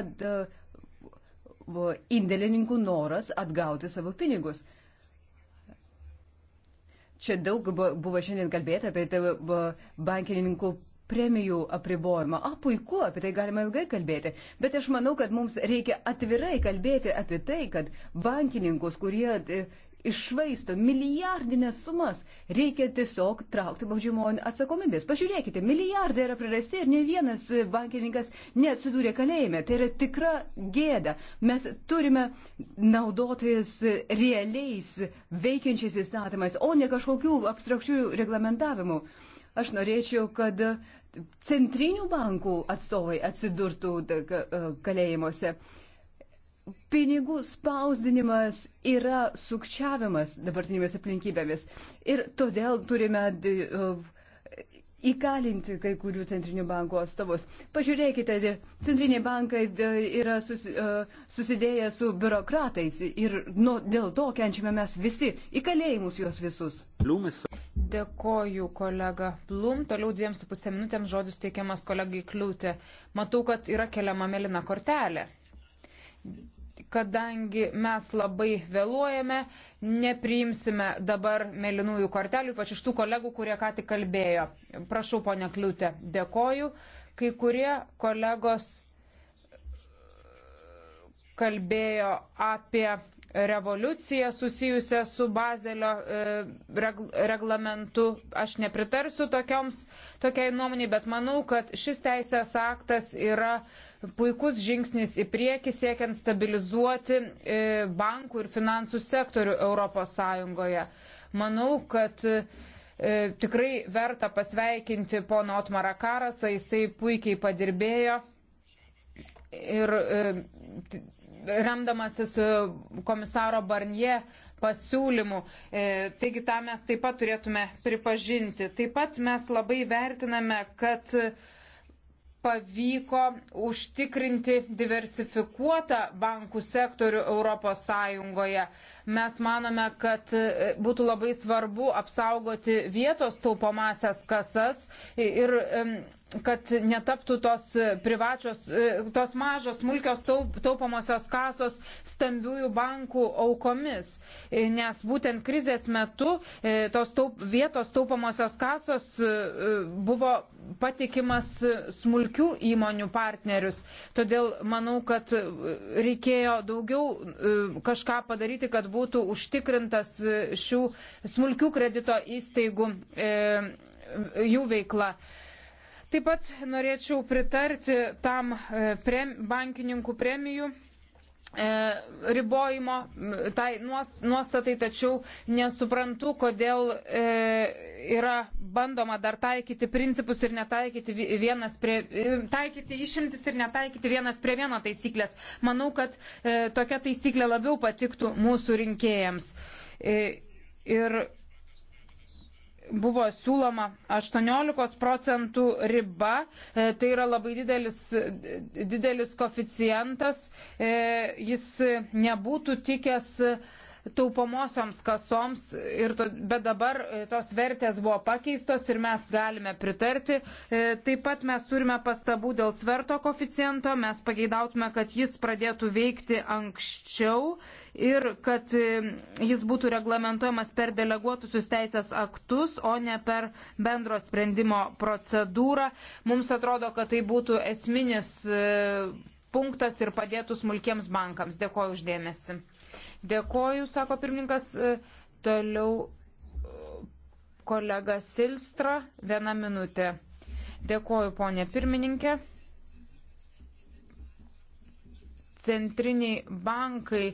indėlininkų noras atgauti savo pinigus. Čia daug buvo šiandien kalbėta apie bankininkų premijų apribojimą. A, puiku, apie tai galima ilgai kalbėti. Bet aš manau, kad mums reikia atvirai kalbėti apie tai, kad bankininkus, kurie e, išvaisto milijardinės sumas, reikia tiesiog traukti baudžiamon atsakomybės. Pažiūrėkite, milijardai yra prarasti ir ne vienas bankininkas neatsidūrė kalėjime. Tai yra tikra gėda. Mes turime naudotis realiais veikiančiais įstatymais, o ne kažkokių abstrakčių reglamentavimų. Aš norėčiau, kad centrinių bankų atstovai atsidurtų e, kalėjimuose pinigų spausdinimas yra sukčiavimas dabartinėmis aplinkybėmis. Ir todėl turime uh, įkalinti kai kurių centrinių bankų atstovus. Pažiūrėkite, centriniai bankai yra susi, uh, susidėję su biurokratais ir nu, dėl to kenčiame mes visi. Įkalėjimus juos visus. Dėkoju, kolega Blum. Toliau dviem su pusė minutėms žodis teikiamas kolegai Kliūtė. Matau, kad yra keliama melina kortelė kadangi mes labai vėluojame, nepriimsime dabar mėlynųjų kortelių, ypač iš tų kolegų, kurie ką tik kalbėjo. Prašau, ponia Kliūtė, dėkoju. Kai kurie kolegos kalbėjo apie revoliuciją susijusią su Bazelio e, reglamentu. Aš nepritarsiu tokioms, tokiai nuomonė, bet manau, kad šis teisės aktas yra uh, puikus žingsnis į priekį siekiant stabilizuoti e, bankų ir finansų sektorių ES. Manau, kad e, tikrai verta pasveikinti pono Otmarą Karasą, jisai puikiai padirbėjo. Ir e, remdamasis komisaro Barnie pasiūlymų. Taigi tą mes taip pat turėtume pripažinti. Taip pat mes labai vertiname, kad pavyko užtikrinti diversifikuotą bankų sektorių Europos Sąjungoje. Mes manome, kad e, būtų labai svarbu apsaugoti vietos taupomasias kasas ir kad netaptų tos privačios, e, tos mažos, smulkios taup, taupomosios kasos stambiųjų bankų aukomis. E, nes būtent krizės metu e, tos taup, vietos taupomosios kasos buvo patikimas smulkių įmonių partnerius. Todėl manau, kad reikėjo daugiau kažką padaryti, kad būtų užtikrintas šių smulkių kredito įstaigų jų veikla. Taip pat norėčiau pritarti tam e, prem, bankininkų premijų e, ribojimo tai nuostatai, tačiau nesuprantu, kodėl e, yra bandoma dar taikyti principus ir netaikyti vienas prie, taikyti išimtis ir netaikyti vienas prie vieno taisyklės. Manau, kad tokia taisyklė labiau patiktų mūsų rinkėjams. Ir buvo siūloma 18 procentų riba, e, tai yra labai didelis, didelis koficijantas, e, jis nebūtų tikęs taupomosioms kasoms, to, bet dabar e, tos vertės buvo pakeistos ir mes galime pritarti. E, taip pat mes turime pastabų dėl sverto koficijento, mes pageidautume, kad jis pradėtų veikti anksčiau ir kad e, jis būtų reglamentuojamas per deleguotusius teisės aktus, o ne per bendro sprendimo procedūrą. Mums atrodo, kad tai būtų esminis punktas ir padėtų smulkiems bankams. Dėkuoju uždėmesi. Dėkoju, sako pirmininkas. E, toliau e, kolega Silstra, viena minutė. Dėkoju, ponė pirmininkė. Centriniai bankai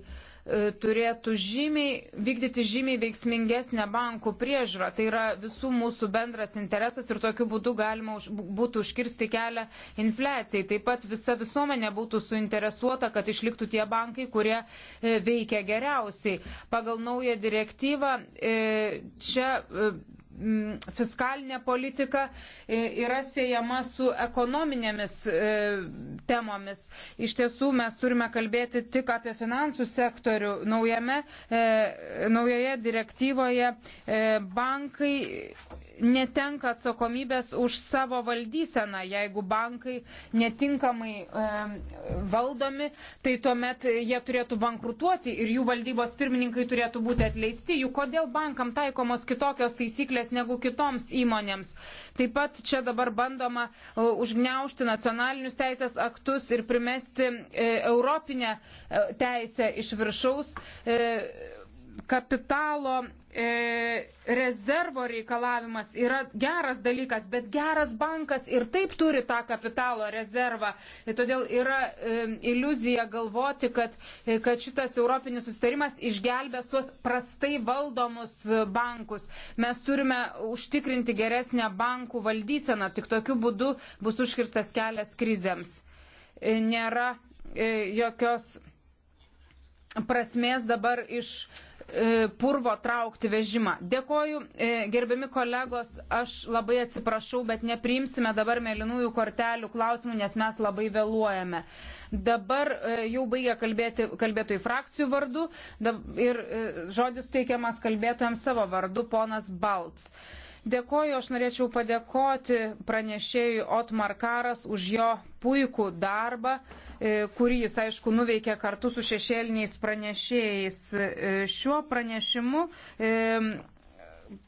E, turėtų žymiai, vykdyti žymiai veiksmingesnę bankų priežiūrą. Tai yra visų mūsų bendras interesas ir tokiu būdu galima už, būtų užkirsti kelią infliacijai. Taip pat visa visuomenė būtų suinteresuota, kad išliktų tie bankai, kurie e, veikia geriausiai. Pagal naują direktyvą e, čia Mm, fiskalinė politika e, yra siejama su ekonominėmis e, temomis. Iš tiesų mes turime kalbėti tik apie finansų sektorių. Naujame, e, naujoje direktyvoje bankai netenka atsakomybės už savo valdyseną. Jeigu bankai netinkamai valdomi, tai tuomet jie turėtų bankrutuoti ir jų valdybos pirmininkai turėtų būti atleisti. Juk kodėl bankam taikomos kitokios taisyklės? galimybės negu kitoms įmonėms. Taip pat čia dabar bandoma e, užgneušti nacionalinius teisės aktus ir primesti e, europinę e, teisę iš viršaus kapitalo e, rezervo reikalavimas yra geras dalykas, bet geras bankas ir taip turi tą kapitalo rezervą. Ir todėl yra e, iliuzija galvoti, kad, e, kad šitas europinis sustarimas išgelbės tuos prastai valdomus bankus. Mes turime užtikrinti geresnę bankų valdyseną, tik tokiu būdu bus užkirstas kelias krizėms. E, nėra e, jokios prasmės dabar iš E, purvo traukti vežimą. Dėkoju, e, gerbiami kolegos, aš labai atsiprašau, bet nepriimsime dabar mėlynųjų kortelių klausimų, nes mes labai vėluojame. Dabar e, jau baigia kalbėti kalbėtojų frakcijų vardu ir žodis teikiamas kalbėtojams savo vardu, ponas Balts. Dėkoju, aš norėčiau padėkoti pranešėjui Otmar Karas už jo puikų darbą, e, kurį jis, aišku, nuveikė kartu su šešėliniais pranešėjais. E, šiuo pranešimu e,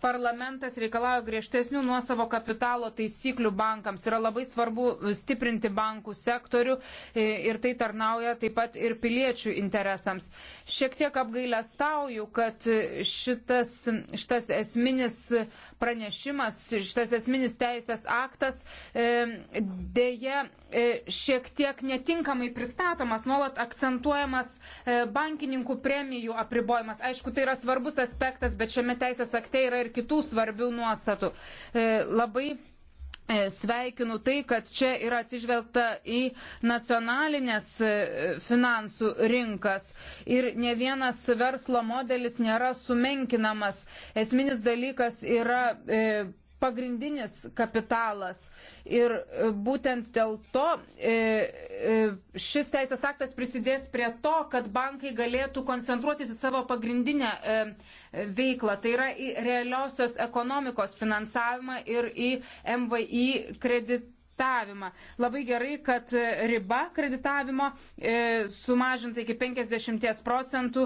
parlamentas reikalauja griežtesnių nuosavo kapitalo taisyklių bankams. Yra labai svarbu stiprinti bankų sektorių ir tai tarnauja taip pat ir piliečių interesams. Šiek tiek apgailę stauju, kad šitas, šitas esminis pranešimas, šitas esminis teisės aktas e, dėje e, šiek tiek netinkamai pristatomas, nuolat akcentuojamas e, bankininkų premijų apribojimas. Aišku, tai yra svarbus aspektas, bet šiame teisės akte yra ir kitų svarbių nuostatų. E, labai E, sveikinu tai, kad čia yra atsižvelgta į nacionalinės e, finansų rinkas ir ne vienas verslo modelis nėra sumenkinamas. Esminis dalykas yra. E, pagrindinis kapitalas. Ir e, būtent dėl to e, e, šis teisės aktas prisidės prie to, kad bankai galėtų koncentruotis į savo pagrindinę veiklą, tai yra į realiosios ekonomikos finansavimą ir į MVI kredit kreditavimą. Labai gerai, kad riba kreditavimo e, sumažinta iki 50 procentų.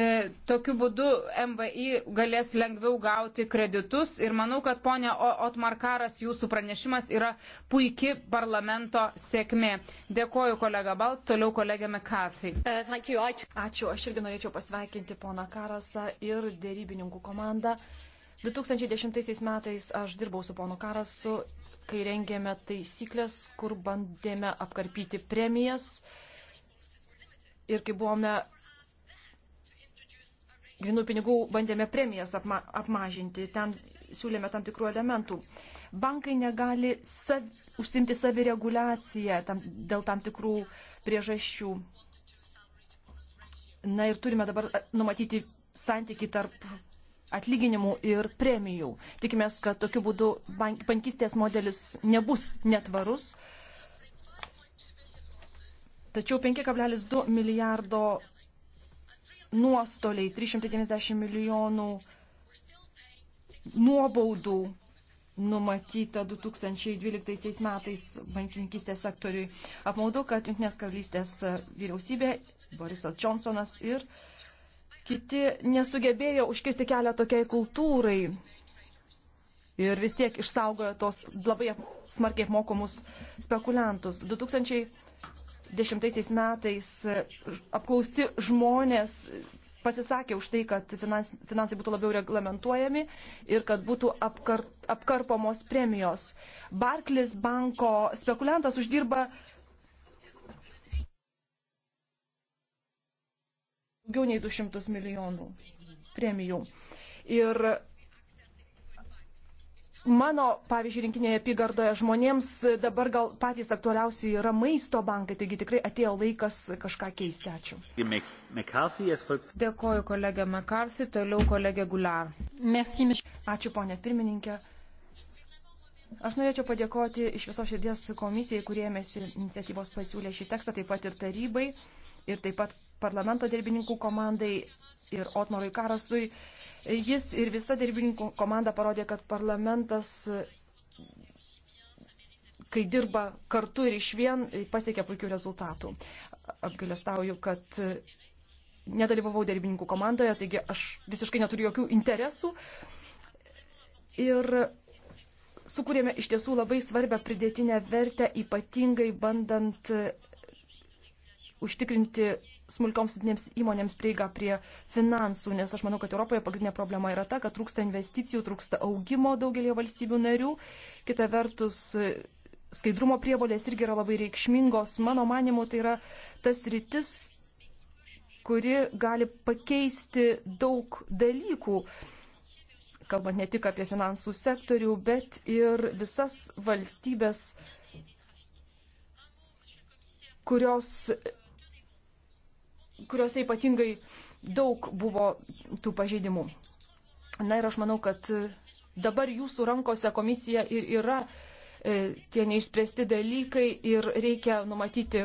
E, tokiu būdu MVI galės lengviau gauti kreditus ir manau, kad ponia Otmarkaras jūsų pranešimas yra puikia parlamento sėkmė. Dėkoju kolega Balts, toliau kolegė McCarthy. Uh, Ačiū, aš irgi norėčiau pasveikinti poną Karasą ir dėrybininkų komandą. 2010 metais aš dirbau su ponu Karasu kai rengėme taisyklės, kur bandėme apkarpyti premijas ir kai buvome grinų pinigų, bandėme premijas apma, apmažinti, ten siūlėme tam tikrų elementų. Bankai negali sav, užsimti savireguliaciją tam, dėl tam tikrų priežasčių. Na ir turime dabar numatyti santyki tarp atlyginimų ir premijų. Tikimės, kad tokiu būdu bankistės modelis nebus netvarus. Tačiau 5,2 milijardo nuostoliai, 390 milijonų nuobaudų numatyta 2012 metais bankininkistės sektoriui. Apmaudu, kad Junktinės karalystės vyriausybė, Borisas Johnsonas ir kiti nesugebėjo užkisti kelią tokiai kultūrai ir vis tiek išsaugojo tos labai smarkiai apmokomus spekuliantus. 2010 metais apklausti žmonės pasisakė už tai, kad finans, finansai būtų labiau reglamentuojami ir kad būtų apkar, apkarpomos premijos. Barklis banko spekuliantas uždirba daugiau nei 200 milijonų premijų. Ir mano, pavyzdžiui, rinkinėje apygardoje žmonėms dabar gal patys aktualiausi yra maisto bankai, taigi tikrai atėjo laikas kažką keisti. Ačiū. Dėkoju kolegė McCarthy, toliau kolegė Gular. Ačiū ponė pirmininkė. Aš norėčiau padėkoti iš viso širdies komisijai, kurie ėmėsi iniciatyvos pasiūlė šį tekstą, taip pat ir tarybai ir taip pat parlamento dėrybininkų komandai ir Otmarui Karasui. Jis ir visa dėrybininkų komanda parodė, kad parlamentas, kai dirba kartu ir iš vien, pasiekia puikių rezultatų. Apgailestauju, kad nedalyvavau dėrybininkų komandoje, taigi aš visiškai neturiu jokių interesų. Ir sukūrėme iš tiesų labai svarbią pridėtinę vertę, ypatingai bandant užtikrinti smulkioms didinėms įmonėms prieiga prie finansų, nes aš manau, kad Europoje pagrindinė problema yra ta, kad trūksta investicijų, trūksta augimo daugelį valstybių narių. Kita vertus, skaidrumo prievolės irgi yra labai reikšmingos. Mano manimu, tai yra tas rytis, kuri gali pakeisti daug dalykų kalbant ne tik apie finansų sektorių, bet ir visas valstybės, kurios kuriuose ypatingai daug buvo tų pažeidimų. Na ir aš manau, kad dabar jūsų rankose komisija ir yra e, tie neišspręsti dalykai ir reikia numatyti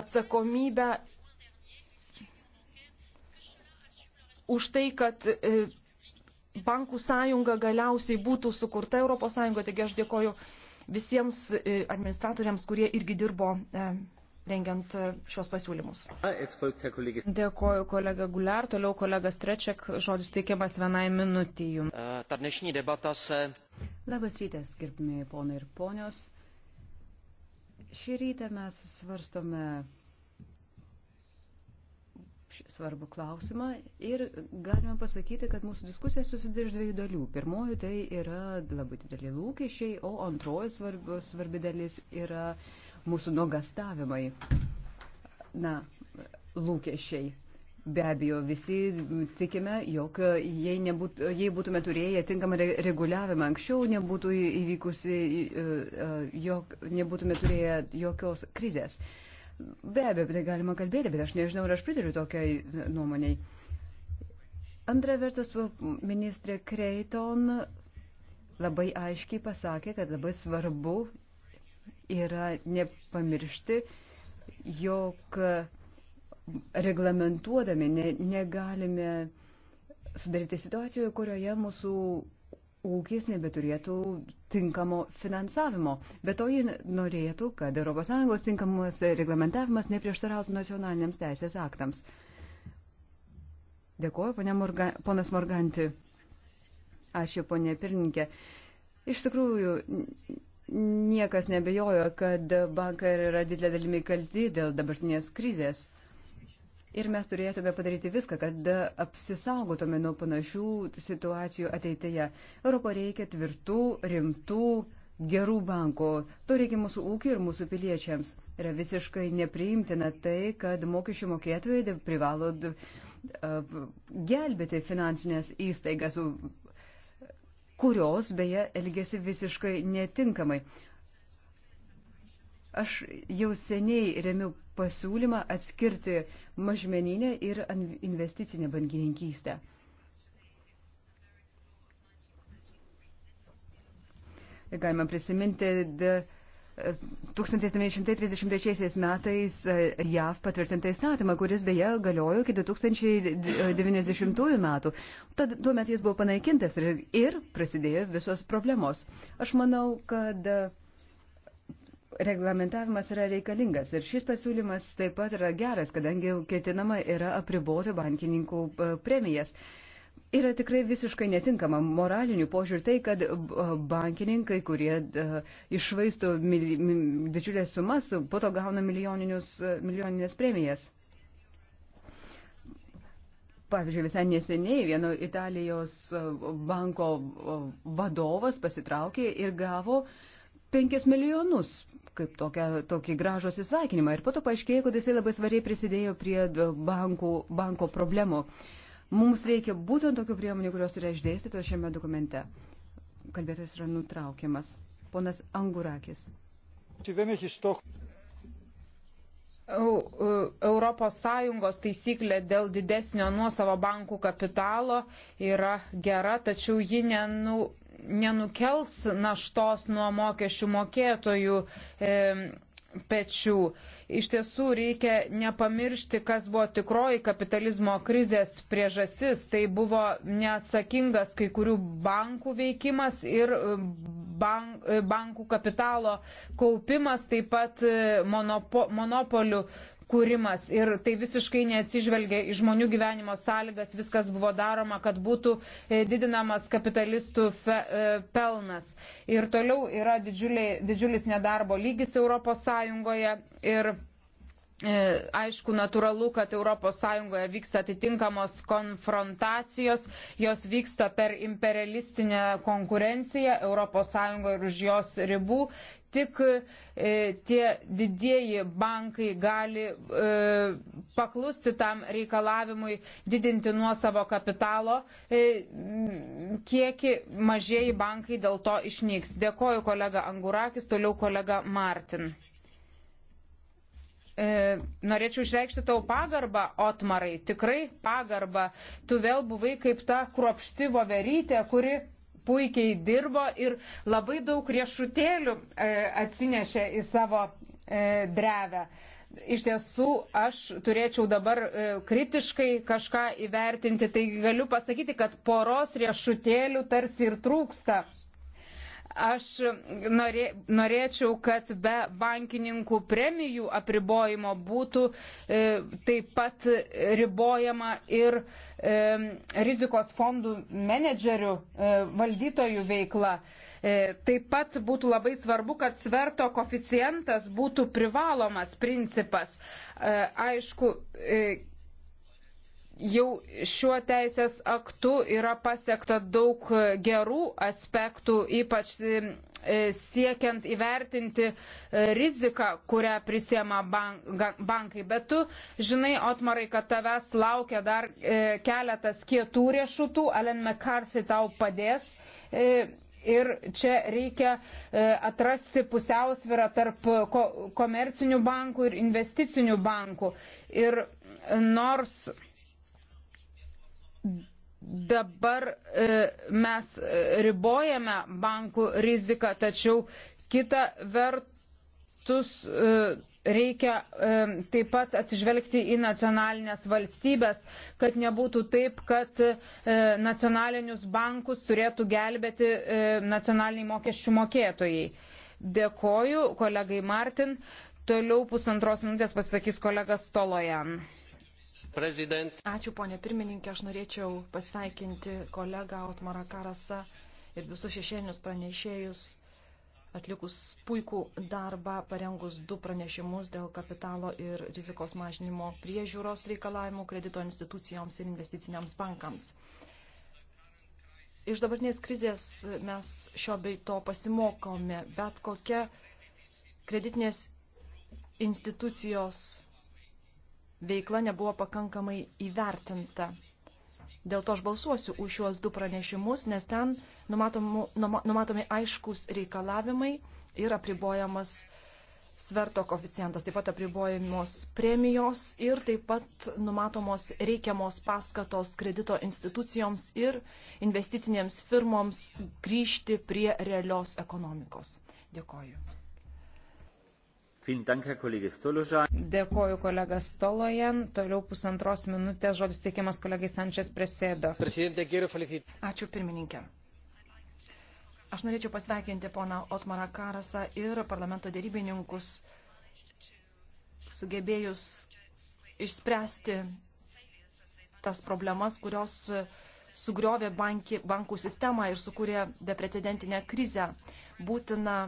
atsakomybę už tai, kad e, bankų sąjunga galiausiai būtų sukurta ES. Taigi aš dėkoju visiems e, administratoriams, kurie irgi dirbo e, rengiant e, šios pasiūlymus. Dėkoju kolega Guliar, toliau kolega Strečiak, žodis teikiamas vienai minutijų. E, Labas rytas, gerbimieji ponai ir ponios. Šį rytą mes svarstome svarbų klausimą ir galime pasakyti, kad mūsų diskusija susideda iš dviejų dalių. Pirmoji tai yra labai dideli lūkesčiai, o antroji svarbi, svarbi dalis yra uh, mūsų nuogastavimai, na, lūkesčiai. Be abejo, visi tikime, jog jei, nebūt, jei būtume turėję tinkamą reguliavimą anksčiau, nebūtų įvykusi, e, e, jog, nebūtume turėję jokios krizės. Be abejo, tai galima kalbėti, bet aš nežinau, ar aš pritariu tokiai nuomoniai. Antra vertus, ministrė Kreiton labai aiškiai pasakė, kad labai svarbu yra nepamiršti, jog reglamentuodami ne, negalime sudaryti situacijoje, kurioje mūsų ūkis nebeturėtų tinkamo finansavimo. Bet to ji norėtų, kad ES tinkamas reglamentavimas neprieštarautų nacionaliniams teisės aktams. Dėkuoju, Morga, ponas Morganti. Ačiū, ponė pirmininkė. Iš tikrųjų, Niekas nebejojo, kad bankai yra didelė dalimi kalti dėl dabartinės krizės. Ir mes turėtume padaryti viską, kad apsisaugotume nuo panašių situacijų ateityje. Europo reikia tvirtų, rimtų, gerų bankų. To reikia mūsų ūkiui ir mūsų piliečiams. Yra visiškai nepriimtina tai, kad mokesčių mokėtojai privalo gelbėti finansinės įstaigas, kurios beje elgėsi visiškai netinkamai. Aš jau seniai remiu pasiūlymą atskirti mažmeninę ir investicinę bankininkystę. Galima prisiminti 1933 metais e, JAV patvirtintą įstatymą, kuris beje galiojo iki 2090 metų. Tad tuomet jis buvo panaikintas ir, ir prasidėjo visos problemos. Aš manau, kad e, reglamentavimas yra reikalingas ir šis pasiūlymas taip pat yra geras, kadangi ketinama yra apriboti bankininkų e, premijas. Yra tikrai visiškai netinkama moralinių požiūrį tai, kad e, bankininkai, kurie e, išvaisto mili, didžiulės sumas, po to gauna e, milijoninės premijas. Pavyzdžiui, visai neseniai vieno Italijos banko vadovas pasitraukė ir gavo 5 milijonus kaip tokia, tokį gražų atsisveikinimą. Ir po to paaiškėjo, kad jisai labai svariai prisidėjo prie bankų, banko problemų. Uh, Mums reikia būtent tokių priemonių, kurios yra išdėstytos šiame dokumente. Kalbėtojas yra nutraukiamas. Ponas Angurakis. ES e, taisyklė dėl didesnio nuosavo bankų kapitalo yra gera, tačiau ji nenu, nenukels naštos nuo mokesčių mokėtojų. E, pečių. Iš tiesų reikia nepamiršti, kas buvo tikroji kapitalizmo krizės priežastis. Tai buvo neatsakingas kai kurių bankų veikimas ir e, bank, e, bankų kapitalo kaupimas, taip pat e, monopo, monopolių kūrimas ir tai visiškai neatsižvelgia į žmonių gyvenimo sąlygas, viskas buvo daroma, kad būtų e, didinamas kapitalistų fe, e, pelnas. Ir toliau yra didžiulis nedarbo lygis Europos Sąjungoje ir E, aišku, natūralu, kad ES vyksta atitinkamos konfrontacijos, jos vyksta per imperialistinę konkurenciją ES ir už jos ribų. Tik e, tie didieji bankai gali e, paklusti tam reikalavimui didinti nuo savo kapitalo e, kiekį, mažieji bankai dėl to išnyks. Dėkoju kolega Angurakis, toliau kolega Martin e, norėčiau išreikšti tau pagarbą, Otmarai, tikrai pagarbą. Tu vėl buvai kaip ta kruopšti voverytė, kuri puikiai dirbo ir labai daug riešutėlių e, atsinešė į savo e, drevę. Iš tiesų, aš turėčiau dabar e, kritiškai kažką įvertinti, tai galiu pasakyti, kad poros riešutėlių tarsi ir trūksta. Aš norė, norėčiau, kad be bankininkų premijų apribojimo būtų e, taip pat ribojama ir e, rizikos fondų menedžerių, e, valdytojų veikla. E, taip pat būtų labai svarbu, kad sverto koficijantas būtų privalomas principas. E, aišku, e, jau šiuo teisės aktu yra pasiekta daug gerų aspektų, ypač e, siekiant įvertinti e, riziką, kurią prisėma bankai. Bet tu žinai, Otmarai, kad tavęs laukia dar e, keletas kietų riešutų, Alen McCarthy tau padės. Ir čia reikia atrasti pusiausvirą tarp komercinių bankų ir investicinių bankų. Ir nors dabar e, mes e, ribojame bankų riziką, tačiau kita vertus e, reikia taip pat atsižvelgti į nacionalinės valstybės, kad nebūtų taip, kad nacionalinius bankus turėtų gelbėti nacionaliniai mokesčių mokėtojai. Dėkoju kolegai Martin. Toliau pusantros minutės pasisakys kolegas Stolojan. President. Ačiū, ponė pirmininkė, aš norėčiau pasveikinti kolegą Otmarą Karasą ir visus šešėlinius pranešėjus, atlikus puikų darbą, parengus du pranešimus dėl kapitalo ir rizikos mažinimo priežiūros reikalavimų kredito institucijoms ir investiciniams bankams. Iš dabartinės krizės mes šio bei to pasimokome, bet kokia kreditinės institucijos veikla nebuvo pakankamai įvertinta. Dėl to aš balsuosiu už šiuos du pranešimus, nes ten numatomu, numatomi aiškus reikalavimai ir apribojamas sverto koficijantas, taip pat apribojamos premijos ir taip pat numatomos reikiamos paskatos kredito institucijoms ir investicinėms firmoms grįžti prie realios ekonomikos. Dėkoju. Dėkoju kolega Stolojan. Toliau pusantros minutės žodis teikiamas kolegai Sančias Presėdo. Ačiū pirmininkė. Aš norėčiau pasveikinti poną Otmarą Karasą ir parlamento dėrybininkus sugebėjus išspręsti tas problemas, kurios sugriovė banki, bankų sistemą ir sukūrė beprecedentinę krizę. Būtina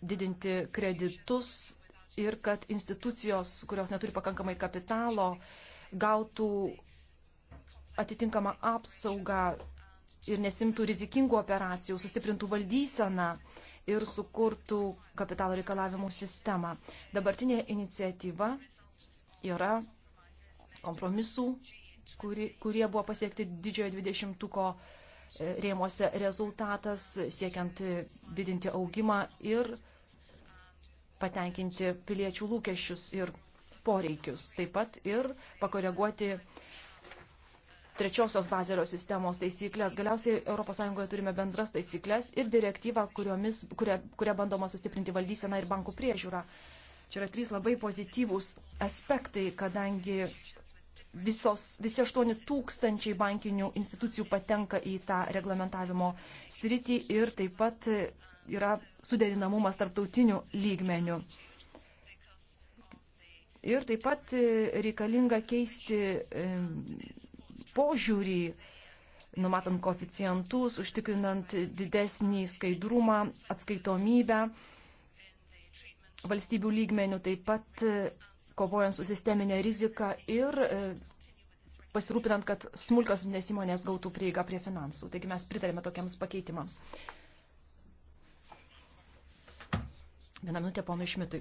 didinti kreditus ir kad institucijos, kurios neturi pakankamai kapitalo, gautų atitinkamą apsaugą ir nesimtų rizikingų operacijų, sustiprintų valdyseną ir sukurtų kapitalo reikalavimų sistemą. Dabartinė iniciatyva yra kompromisų, kuri, kurie buvo pasiekti didžiojo dvidešimtuko 20 rėmose rezultatas, siekiant didinti augimą ir patenkinti piliečių lūkesčius ir poreikius. Taip pat ir pakoreguoti trečiosios bazelio sistemos taisyklės. Galiausiai ES turime bendras taisyklės ir direktyvą, kuriomis, kuria, kuria bandoma sustiprinti valdyseną ir bankų priežiūrą. Čia yra trys labai pozityvūs aspektai, kadangi visos, visi 8 tūkstančiai bankinių institucijų patenka į tą reglamentavimo sritį ir taip pat yra suderinamumas tarptautinių lygmenių. Ir taip pat e, reikalinga keisti e, požiūrį, numatant koficijantus, užtikrinant didesnį skaidrumą, atskaitomybę valstybių lygmenių, taip pat e, kovojant su sisteminė rizika ir e, pasirūpinant, kad smulkios vidinės įmonės gautų prieigą prie finansų. Taigi mes pritarėme tokiems pakeitimams. Vieną minutę ponui Šmitui.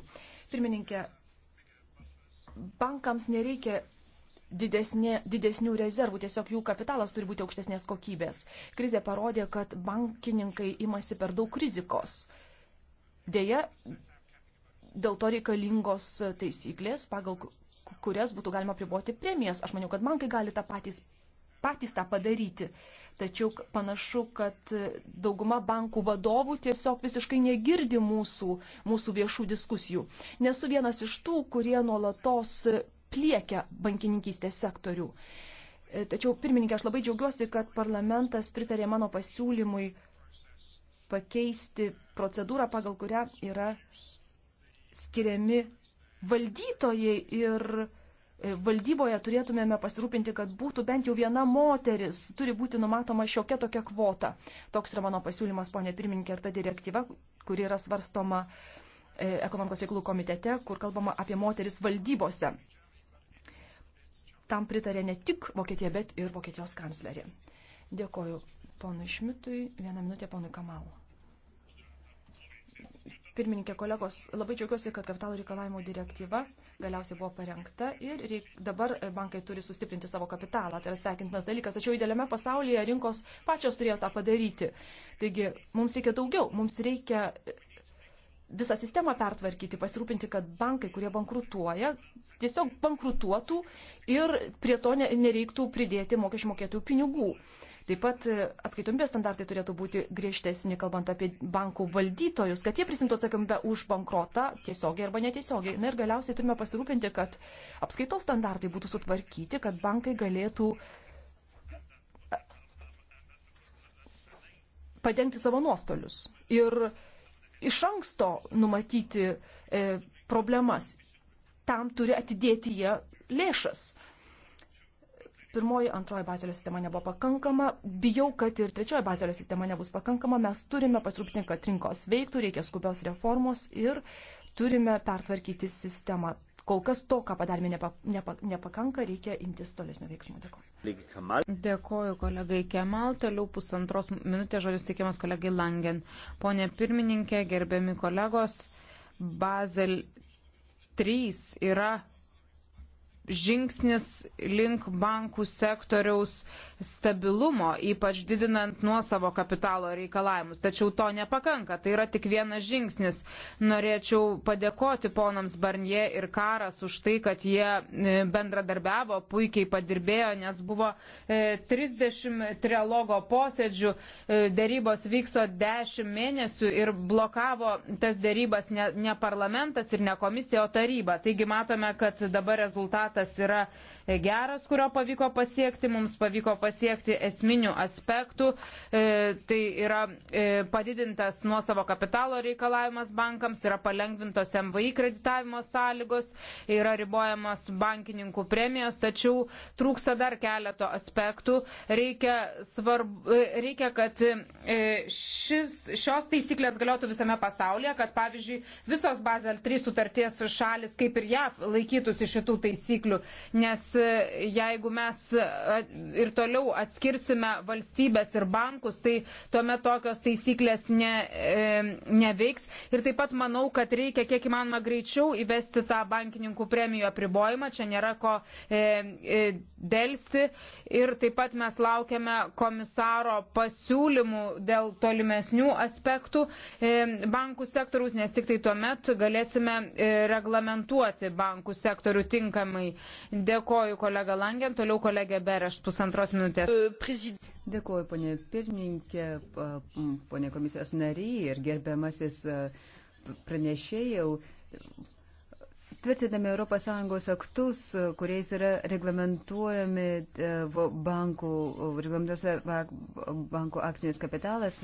Pirmininkė, bankams nereikia didesnė, didesnių rezervų, tiesiog jų kapitalas turi būti aukštesnės kokybės. Krizė parodė, kad bankininkai imasi per daug rizikos. Deja, dėl to reikalingos taisyklės, pagal kurias būtų galima priboti premijas. Aš maniau, kad bankai gali tą patys, patys tą padaryti. Tačiau panašu, kad dauguma bankų vadovų tiesiog visiškai negirdi mūsų, mūsų viešų diskusijų. Nesu vienas iš tų, kurie nuolatos pliekia bankininkystės sektorių. E, tačiau, pirmininkė, aš labai džiaugiuosi, kad parlamentas pritarė mano pasiūlymui pakeisti procedūrą, pagal kurią yra skiriami valdytojai ir e, valdyboje turėtumėme pasirūpinti, kad būtų bent jau viena moteris, turi būti numatoma šiokia tokia kvota. Toks yra mano pasiūlymas, ponė pirmininkė, ir ta direktyva, kuri yra svarstoma e, ekonomikos reikalų komitete, kur kalbama apie moteris valdybose. Tam pritarė ne tik Vokietija, bet ir Vokietijos kanclerė. Dėkoju ponui Šmitui, vieną minutę ponui Kamalu. Pirmininkė kolegos, labai džiaugiuosi, kad kapitalo reikalavimų direktyva galiausiai buvo parengta ir reik, dabar bankai turi sustiprinti savo kapitalą. Tai yra sveikintinas dalykas. Tačiau įdėliame pasaulyje rinkos pačios turėjo tą padaryti. Taigi mums reikia daugiau. Mums reikia visą sistemą pertvarkyti, pasirūpinti, kad bankai, kurie bankrutuoja, tiesiog bankrutuotų ir prie to nereiktų pridėti mokesčių mokėtojų pinigų. Uh, Taip pat e, atskaitomybės standartai turėtų būti griežtesni, kalbant apie bankų valdytojus, kad jie prisimtų atsakomybę už bankrotą tiesiogiai arba netiesiogiai. Na ir galiausiai turime pasirūpinti, kad apskaitos standartai būtų sutvarkyti, kad bankai galėtų e, padengti savo nuostolius ir iš anksto numatyti e, problemas. Tam turi atidėti jie lėšas pirmoji, antroji bazelio sistema nebuvo pakankama, bijau, kad ir trečioji bazelio sistema nebus pakankama, mes turime pasirūpinti, kad rinkos veiktų, reikia skubios reformos ir turime pertvarkyti sistemą. Kol kas to, ką padarėme, nepa, nepa, nepakanka, reikia imtis tolesnių veiksmų. Dėkuoju. Dėkuoju kolegai Kemal. Toliau pusantros minutės žodis teikiamas kolegai Langen. Pone pirmininkė, gerbiami kolegos, Bazel 3 yra žingsnis link bankų sektoriaus stabilumo, ypač didinant nuosavo kapitalo reikalavimus. Tačiau to nepakanka, tai yra tik vienas žingsnis. Norėčiau padėkoti ponams Barnie ir Karas už tai, kad jie e, bendradarbiavo, puikiai padirbėjo, nes buvo 30 e, trialogo posėdžių, e, dėrybos vykso 10 mėnesių ir blokavo tas dėrybas ne, ne parlamentas ir ne komisija, o taryba. Taigi matome, kad dabar rezultatas projektas yra geras, kurio pavyko pasiekti. Mums pavyko pasiekti esminių aspektų. E, tai yra e, padidintas nuosavo kapitalo reikalavimas bankams, yra palengvintos MVI kreditavimo sąlygos, yra ribojamos bankininkų premijos, tačiau trūksta dar keleto aspektų. Reikia, svarb, e, reikia kad šis, šios taisyklės galiotų visame pasaulyje, kad pavyzdžiui visos Bazel 3 sutarties šalis kaip ir JAV laikytųsi šitų taisyklių taisyklių, nes e, jeigu mes e, ir toliau atskirsime valstybės ir bankus, tai tuomet tokios taisyklės ne, e, neveiks. Ir taip pat manau, kad reikia kiek įmanoma greičiau įvesti tą bankininkų premijų apribojimą, čia nėra ko e, e, dėlsti. Ir taip pat mes laukiame komisaro pasiūlymų dėl tolimesnių aspektų e, bankų sektoriaus, nes tik tai tuomet galėsime e, reglamentuoti bankų sektorių tinkamai. Dėkoju kolega Langen, toliau kolegė Bereš, pusantros minutės. E, Dėkoju, ponė pirmininkė, ponė komisijos nariai ir gerbiamasis e, pranešėjau. Tvirtinami ES aktus, e, kuriais yra reglamentuojami bankų, reglamentuose bankų akcinis kapitalas,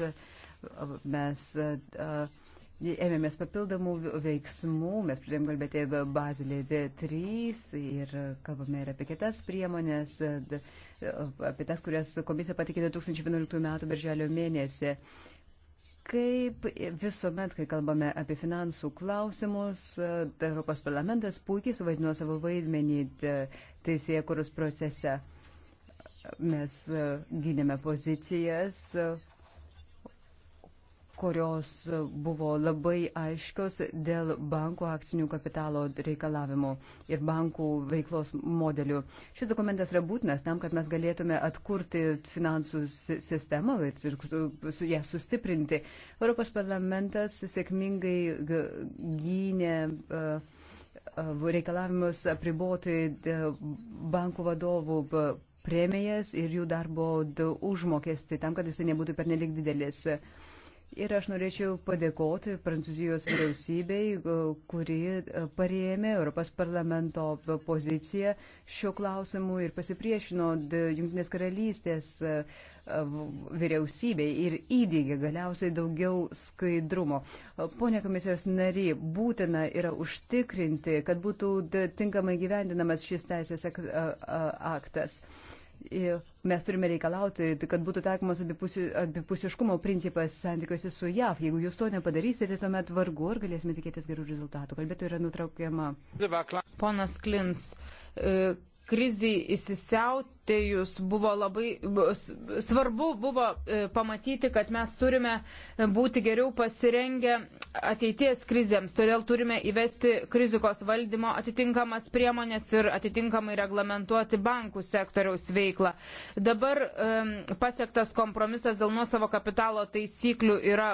mes. Uh, ėmėmės papildomų veiksmų, mes pradėjome kalbėti apie Bazilį 3 ir kalbame ir apie kitas priemonės, apie tas, kurias komisija patikė 2011 m. birželio mėnesį. Kaip visuomet, kai kalbame apie finansų klausimus, Europos parlamentas puikiai suvaidino savo vaidmenį teisėje kurus procese. Mes e, gynėme pozicijas, kurios buvo labai aiškios dėl bankų akcinių kapitalo reikalavimų ir bankų veiklos modelių. Šis dokumentas yra būtinas tam, kad mes galėtume atkurti finansų sistemą ir su ją sustiprinti. Europos parlamentas sėkmingai gynė. Uh, reikalavimus apriboti e, bankų vadovų premijas ir jų darbo užmokestį tam, kad jisai nebūtų pernelik didelis. Ir aš norėčiau padėkoti Prancūzijos vyriausybei, e, kuri e, parėmė Europos parlamento poziciją šiuo klausimu ir pasipriešino Junktinės karalystės e, vyriausybei ir įdygė galiausiai daugiau skaidrumo. Pone komisijos nary, būtina yra užtikrinti, kad būtų tinkamai gyvendinamas šis teisės aktas. Ak mes turime reikalauti, tai kad būtų taikomas abipusi, abipusiškumo principas santykiuose su JAV. Jeigu jūs to nepadarysite, tai tuomet vargu ar galėsime tikėtis gerų rezultatų. Kalbėtų yra nutraukiama. Ponas Klins, e, kriziai įsisiauti atvejus buvo labai svarbu buvo e, pamatyti, kad mes turime e, būti geriau pasirengę ateities krizėms. Todėl turime įvesti krizikos valdymo atitinkamas priemonės ir atitinkamai reglamentuoti bankų sektoriaus veiklą. Dabar e, pasiektas kompromisas dėl nuosavo kapitalo taisyklių yra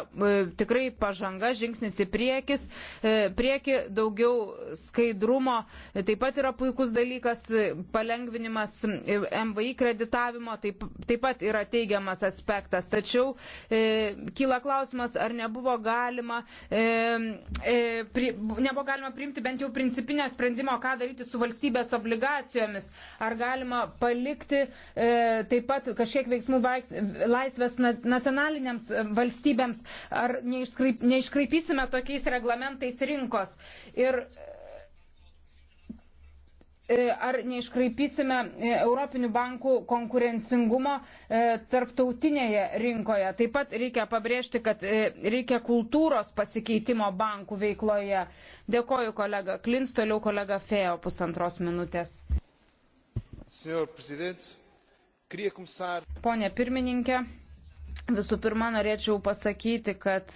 tikrai pažanga, žingsnis į priekis, prieki daugiau skaidrumo. Taip pat yra puikus dalykas palengvinimas MVI kreditavimo taip, taip pat yra teigiamas aspektas. Tačiau e, kyla klausimas, ar nebuvo galima, e, e, pri, nebuvo galima priimti bent jau principinio sprendimo, ką daryti su valstybės obligacijomis. Ar galima palikti e, taip pat kažkiek veiksmų laisvės nacionalinėms e, valstybėms, ar neiškraipysime tokiais reglamentais rinkos. Ir, e, E, ar neiškraipysime e, Europinių bankų konkurencingumo e, tarptautinėje rinkoje. Taip pat reikia pabrėžti, kad reikia kultūros pasikeitimo bankų veikloje. Dėkoju kolega Klins, toliau kolega Fejo pusantros minutės. Pone pirmininkė, visų pirma norėčiau pasakyti, kad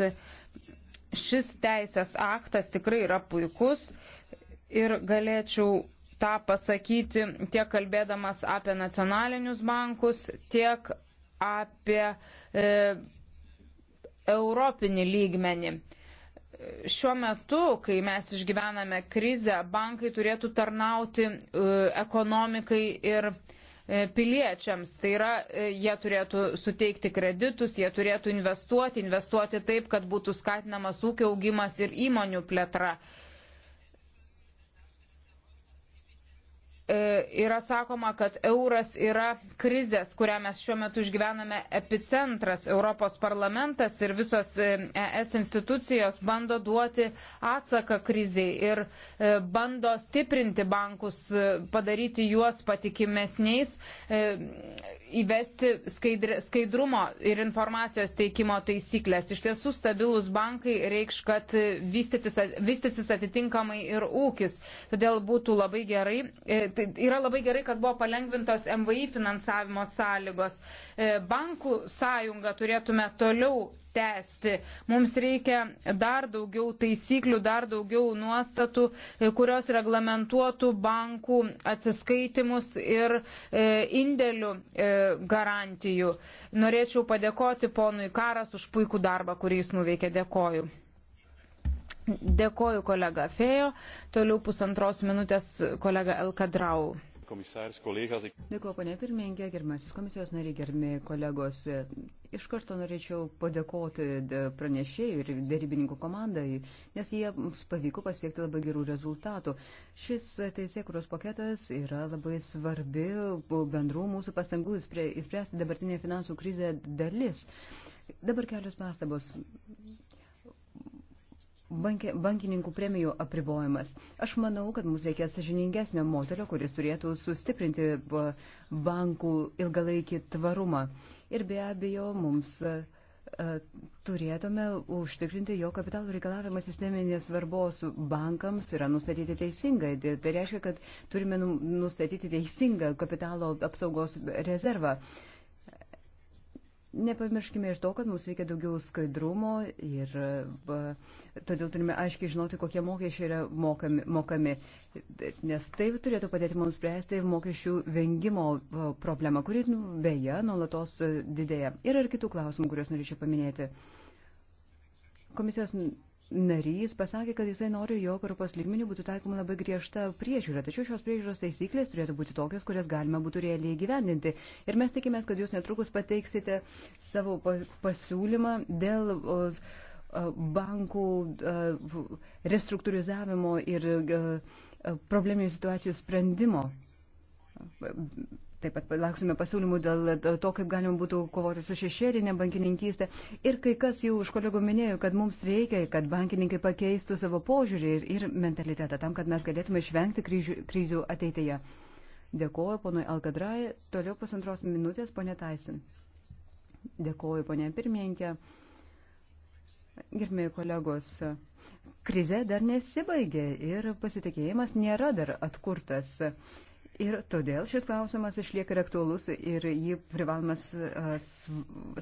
šis teisės aktas tikrai yra puikus ir galėčiau tą pasakyti tiek kalbėdamas apie nacionalinius bankus, tiek apie e, europinį lygmenį. Šiuo metu, kai mes išgyvename krizę, bankai turėtų tarnauti e, ekonomikai ir e, piliečiams. Tai yra, e, jie turėtų suteikti kreditus, jie turėtų investuoti, investuoti taip, kad būtų skatinamas ūkio augimas ir įmonių plėtra. E, yra sakoma, kad euras yra krizės, kurią mes šiuo metu išgyvename epicentras. Europos parlamentas ir visos ES e institucijos bando duoti atsaką kriziai ir e, bando stiprinti bankus, padaryti juos patikimesniais, įvesti skaidrumo ir informacijos teikimo taisyklės. Iš tiesų stabilus bankai reikš, kad vystytis atitinkamai ir ūkis. Todėl būtų labai gerai tai Tai yra labai gerai, kad buvo palengvintos MVI finansavimo sąlygos. E, bankų sąjungą turėtume toliau tęsti. Mums reikia dar daugiau taisyklių, dar daugiau nuostatų, e, kurios reglamentuotų bankų atsiskaitimus ir e, indėlių garantijų. Norėčiau padėkoti ponui Karas už puikų darbą, kurį jis nuveikė. Dėkoju. Dėkoju kolega Fejo, toliau pusantros minutės kolega Elkadrau. Dėkuoju, ponė pirmininkė, gerbiamasis komisijos nariai, gerbimi kolegos. Iš karto norėčiau padėkoti pranešėjų ir dėrybininkų komandai, nes jiems pavyko pasiekti labai gerų rezultatų. Šis teisėkuros paketas yra labai svarbi bendrų mūsų pastangų įspręsti dabartinę finansų krizę dalis. Dabar kelios pastabos bankė, bankininkų premijų apribojimas. Aš manau, kad mums reikia sažiningesnio modelio, kuris turėtų sustiprinti bankų ilgalaikį tvarumą. Ir be abejo, mums turėtume užtikrinti, jo kapitalo reikalavimas sisteminės svarbos bankams yra nustatyti teisingai. Tai, tai reiškia, kad turime nu, nustatyti teisingą kapitalo apsaugos rezervą. Nepamirškime ir to, kad mums reikia daugiau skaidrumo ir va, todėl turime aiškiai žinoti, kokie mokesčiai yra mokami, mokami, nes tai turėtų padėti mums spręsti mokesčių vengimo problemą, kuri nu, beje nuolatos didėja. Yra ir kitų klausimų, kuriuos norėčiau paminėti. Komisijos narys pasakė, kad jisai nori, jog Europos lygmenių būtų taikoma labai griežta priežiūra, tačiau šios priežiūros taisyklės turėtų būti tokios, kurias galima būtų realiai gyvendinti. Ir mes tikimės, kad jūs netrukus pateiksite savo pasiūlymą dėl bankų restruktūrizavimo ir probleminių situacijų sprendimo Taip pat lauksime pasiūlymų dėl to, kaip galima būtų kovoti su šešėrinė bankininkystė. Ir kai kas jau už kolegų minėjo, kad mums reikia, kad bankininkai pakeistų savo požiūrį ir, ir mentalitetą tam, kad mes galėtume išvengti kryžių, kryžių ateityje. Dėkuoju ponui Alkadrai. Toliau pusantros minutės, ponė Taisin. Dėkuoju, ponė pirmininkė. Gerbėjai kolegos, krize dar nesibaigė ir pasitikėjimas nėra dar atkurtas. Ir todėl šis klausimas išlieka ir aktuolus ir jį privalomas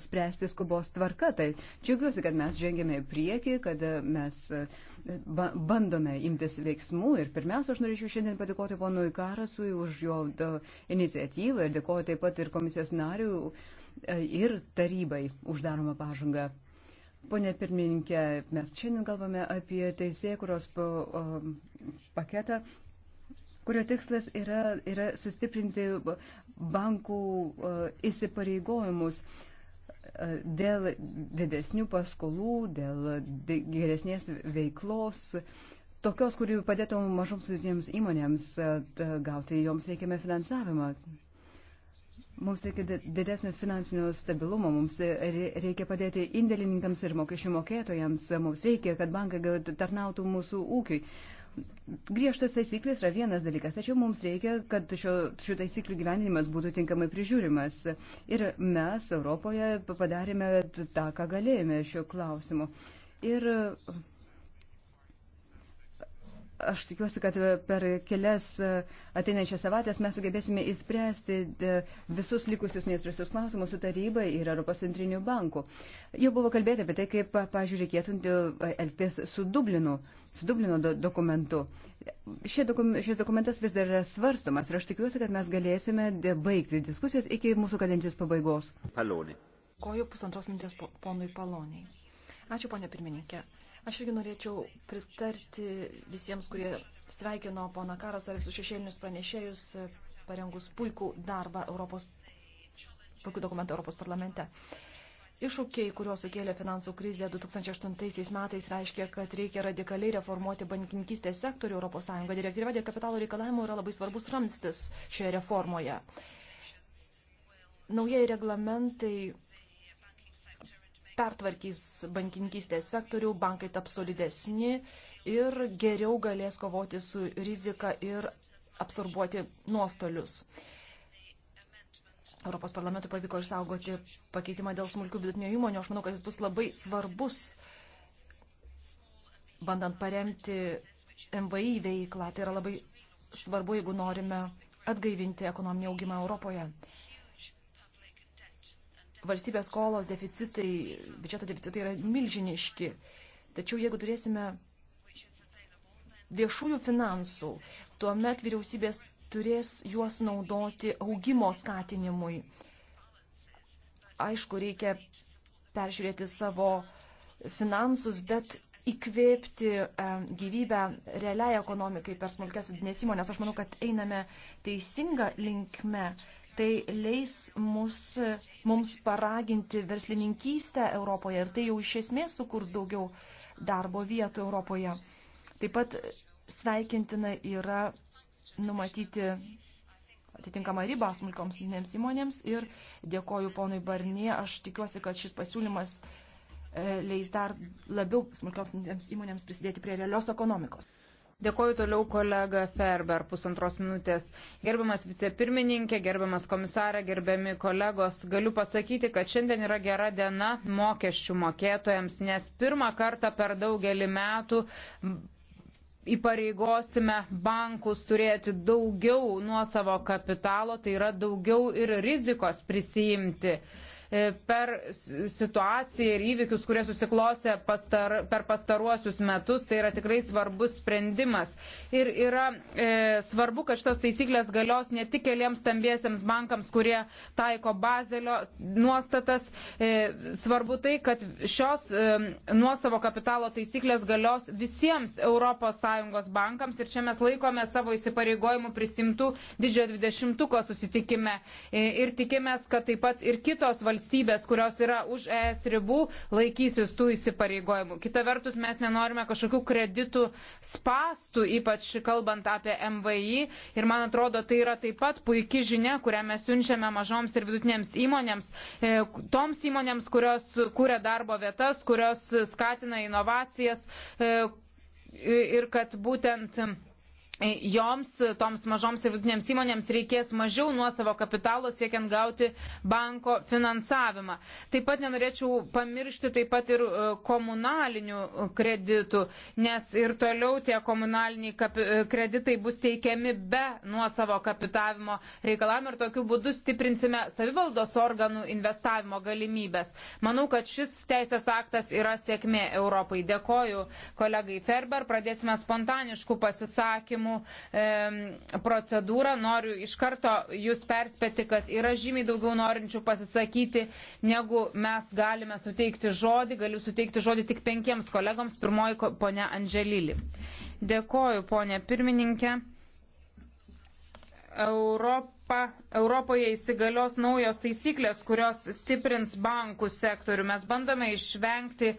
spręsti skubos tvarka. Tai džiaugiuosi, kad mes žengėme į priekį, kad mes bandome imtis veiksmų. Ir pirmiausia, aš norėčiau šiandien padėkoti ponui Karasui už jo iniciatyvą ir dėkoju taip pat ir komisijos narių ir tarybai uždaromą pažangą. Pone pirmininkė, mes šiandien kalbame apie teisėkuros paketą, kurio tikslas yra, yra sustiprinti bankų e, įsipareigojimus e, dėl didesnių paskolų, dėl geresnės veiklos, tokios, kuri padėtų mažoms sudėtiems įmonėms e, gauti joms reikiamą finansavimą. Mums reikia didesnio finansinio stabilumo, mums reikia padėti indėlininkams ir mokesčių mokėtojams, mums reikia, kad bankai tarnautų mūsų ūkiui. Griežtas taisyklės yra vienas dalykas, tačiau mums reikia, kad šio, šių taisyklių gyvenimas būtų tinkamai prižiūrimas. Ir mes Europoje padarėme tą, ką galėjome šiuo klausimu. Ir uh, Aš tikiuosi, kad per kelias e, ateinančias savaitės mes sugebėsime įspręsti e, visus likusius neįspręstus klausimus su taryba ir Europos centriniu banku. Jau buvo kalbėta apie tai, kaip, pažiūrėjau, reikėtų e, elgtis su Dublinu, su Dublino do dokumentu. Šie dokum, šis dokumentas vis dar yra svarstomas ir aš tikiuosi, kad mes galėsime baigti diskusijas iki mūsų kadencijos pabaigos. Palonį. Koju pusantros minties ponui Paloniai. Ačiū, ponė pirmininkė. Aš irgi norėčiau pritarti visiems, kurie sveikino poną Karas ar visus šešėlinius pranešėjus, parengus puikų darbą Europos, puikų dokumentą Europos parlamente. Iššūkiai, kuriuos sukėlė finansų krizė 2008 metais, reiškia, kad reikia radikaliai reformuoti bankininkystės sektorių ES. Direktyva dėl kapitalo reikalavimų yra labai svarbus ramstis šioje reformoje. Naujieji reglamentai pertvarkys bankininkystės sektorių, bankai taps solidesni ir geriau galės kovoti su rizika ir absorbuoti nuostolius. Europos parlamentui pavyko išsaugoti pakeitimą dėl smulkių vidutinio įmonių. Aš manau, kad jis bus labai svarbus, bandant paremti MVI veiklą. Tai yra labai svarbu, jeigu norime atgaivinti ekonominį augimą Europoje valstybės skolos deficitai, biudžeto deficitai yra milžiniški. Tačiau jeigu turėsime viešųjų finansų, tuomet vyriausybės turės juos naudoti augimo skatinimui. Aišku, reikia peržiūrėti savo finansus, bet įkvėpti e, gyvybę realiai ekonomikai per smulkės vidinės įmonės. Aš manau, kad einame teisinga linkme, Tai leis mus, mums paraginti verslininkystę Europoje ir tai jau iš esmės sukurs daugiau darbo vietų Europoje. Taip pat sveikintina yra numatyti atitinkamą ribą smulkoms įmonėms įmonėms ir dėkoju ponui Barnie. Aš tikiuosi, kad šis pasiūlymas e, leis dar labiau smulkioms įmonėms prisidėti prie realios ekonomikos. Dėkoju toliau kolega Ferber, pusantros minutės. Gerbiamas vicepirmininkė, gerbiamas komisarė, gerbiami kolegos, galiu pasakyti, kad šiandien yra gera diena mokesčių mokėtojams, nes pirmą kartą per daugelį metų įpareigosime bankus turėti daugiau nuosavo kapitalo, tai yra daugiau ir rizikos prisijimti. E, per situaciją ir įvykius, kurie susiklosė pastar, per pastaruosius metus. Tai yra tikrai svarbus sprendimas. Ir yra e, svarbu, kad šitos taisyklės galios ne tik keliems stambiesiems bankams, kurie taiko bazelio nuostatas. E, svarbu tai, kad šios e, nuosavo kapitalo taisyklės galios visiems ES bankams ir čia mes laikome savo įsipareigojimų prisimtų didžiojo dvidešimtuko susitikime e, ir tikimės, kad taip pat ir kitos valstybės valstybės, kurios yra už ES ribų, laikysis tų įsipareigojimų. Kita vertus, mes nenorime kažkokių kreditų spastų, ypač kalbant apie MVI. Ir man atrodo, tai yra taip pat puikia žinia, kurią mes siunčiame mažoms ir vidutinėms įmonėms, e, toms įmonėms, kurios kūrė darbo vietas, kurios skatina inovacijas e, ir kad būtent joms, toms mažoms ir vidutinėms įmonėms reikės mažiau nuosavo kapitalo siekiant gauti banko finansavimą. Taip pat nenorėčiau pamiršti taip pat ir e, komunalinių kreditų, nes ir toliau tie komunaliniai e, kreditai bus teikiami be nuosavo kapitavimo reikalavimo ir tokiu būdu stiprinsime savivaldos organų investavimo galimybės. Manau, kad šis teisės aktas yra sėkmė Europai. Dėkoju kolegai Ferber, pradėsime spontaniškų pasisakymų pažeidimų e, procedūrą. Noriu iš karto jūs perspėti, kad yra žymiai daugiau norinčių pasisakyti, negu mes galime suteikti žodį. Galiu suteikti žodį tik penkiems kolegoms. Pirmoji ponia Andželylį. Dėkoju, ponia pirmininkė. Europos Europa, Europoje įsigalios naujos taisyklės, kurios stiprins bankų sektorių. Mes bandome išvengti e,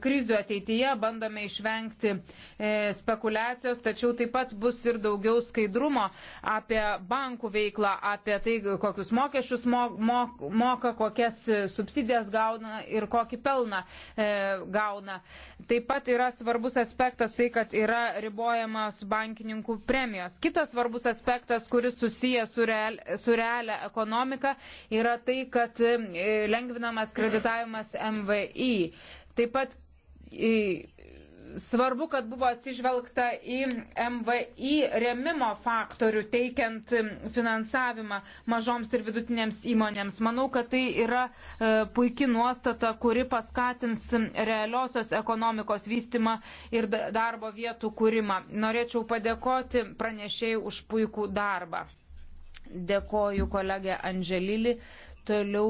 krizių ateityje, bandome išvengti e, spekulacijos, tačiau taip pat bus ir daugiau skaidrumo apie bankų veiklą, apie tai, kokius mokesčius mo, mo, moka, kokias subsidijas gauna ir kokį pelną e, gauna. Taip pat yra svarbus aspektas tai, kad yra ribojamos bankininkų premijos. Kitas svarbus aspektas, kuris susijęs su real, su realia ekonomika yra tai, kad e, lengvinamas kreditavimas MVI. Taip pat e, svarbu, kad buvo atsižvelgta į MVI remimo faktorių teikiant finansavimą mažoms ir vidutinėms įmonėms. Manau, kad tai yra e, puikia nuostata, kuri paskatins realiosios ekonomikos vystimą ir darbo vietų kūrimą. Norėčiau padėkoti pranešėjai už puikų darbą. Dėkoju kolegė Angelili. Toliau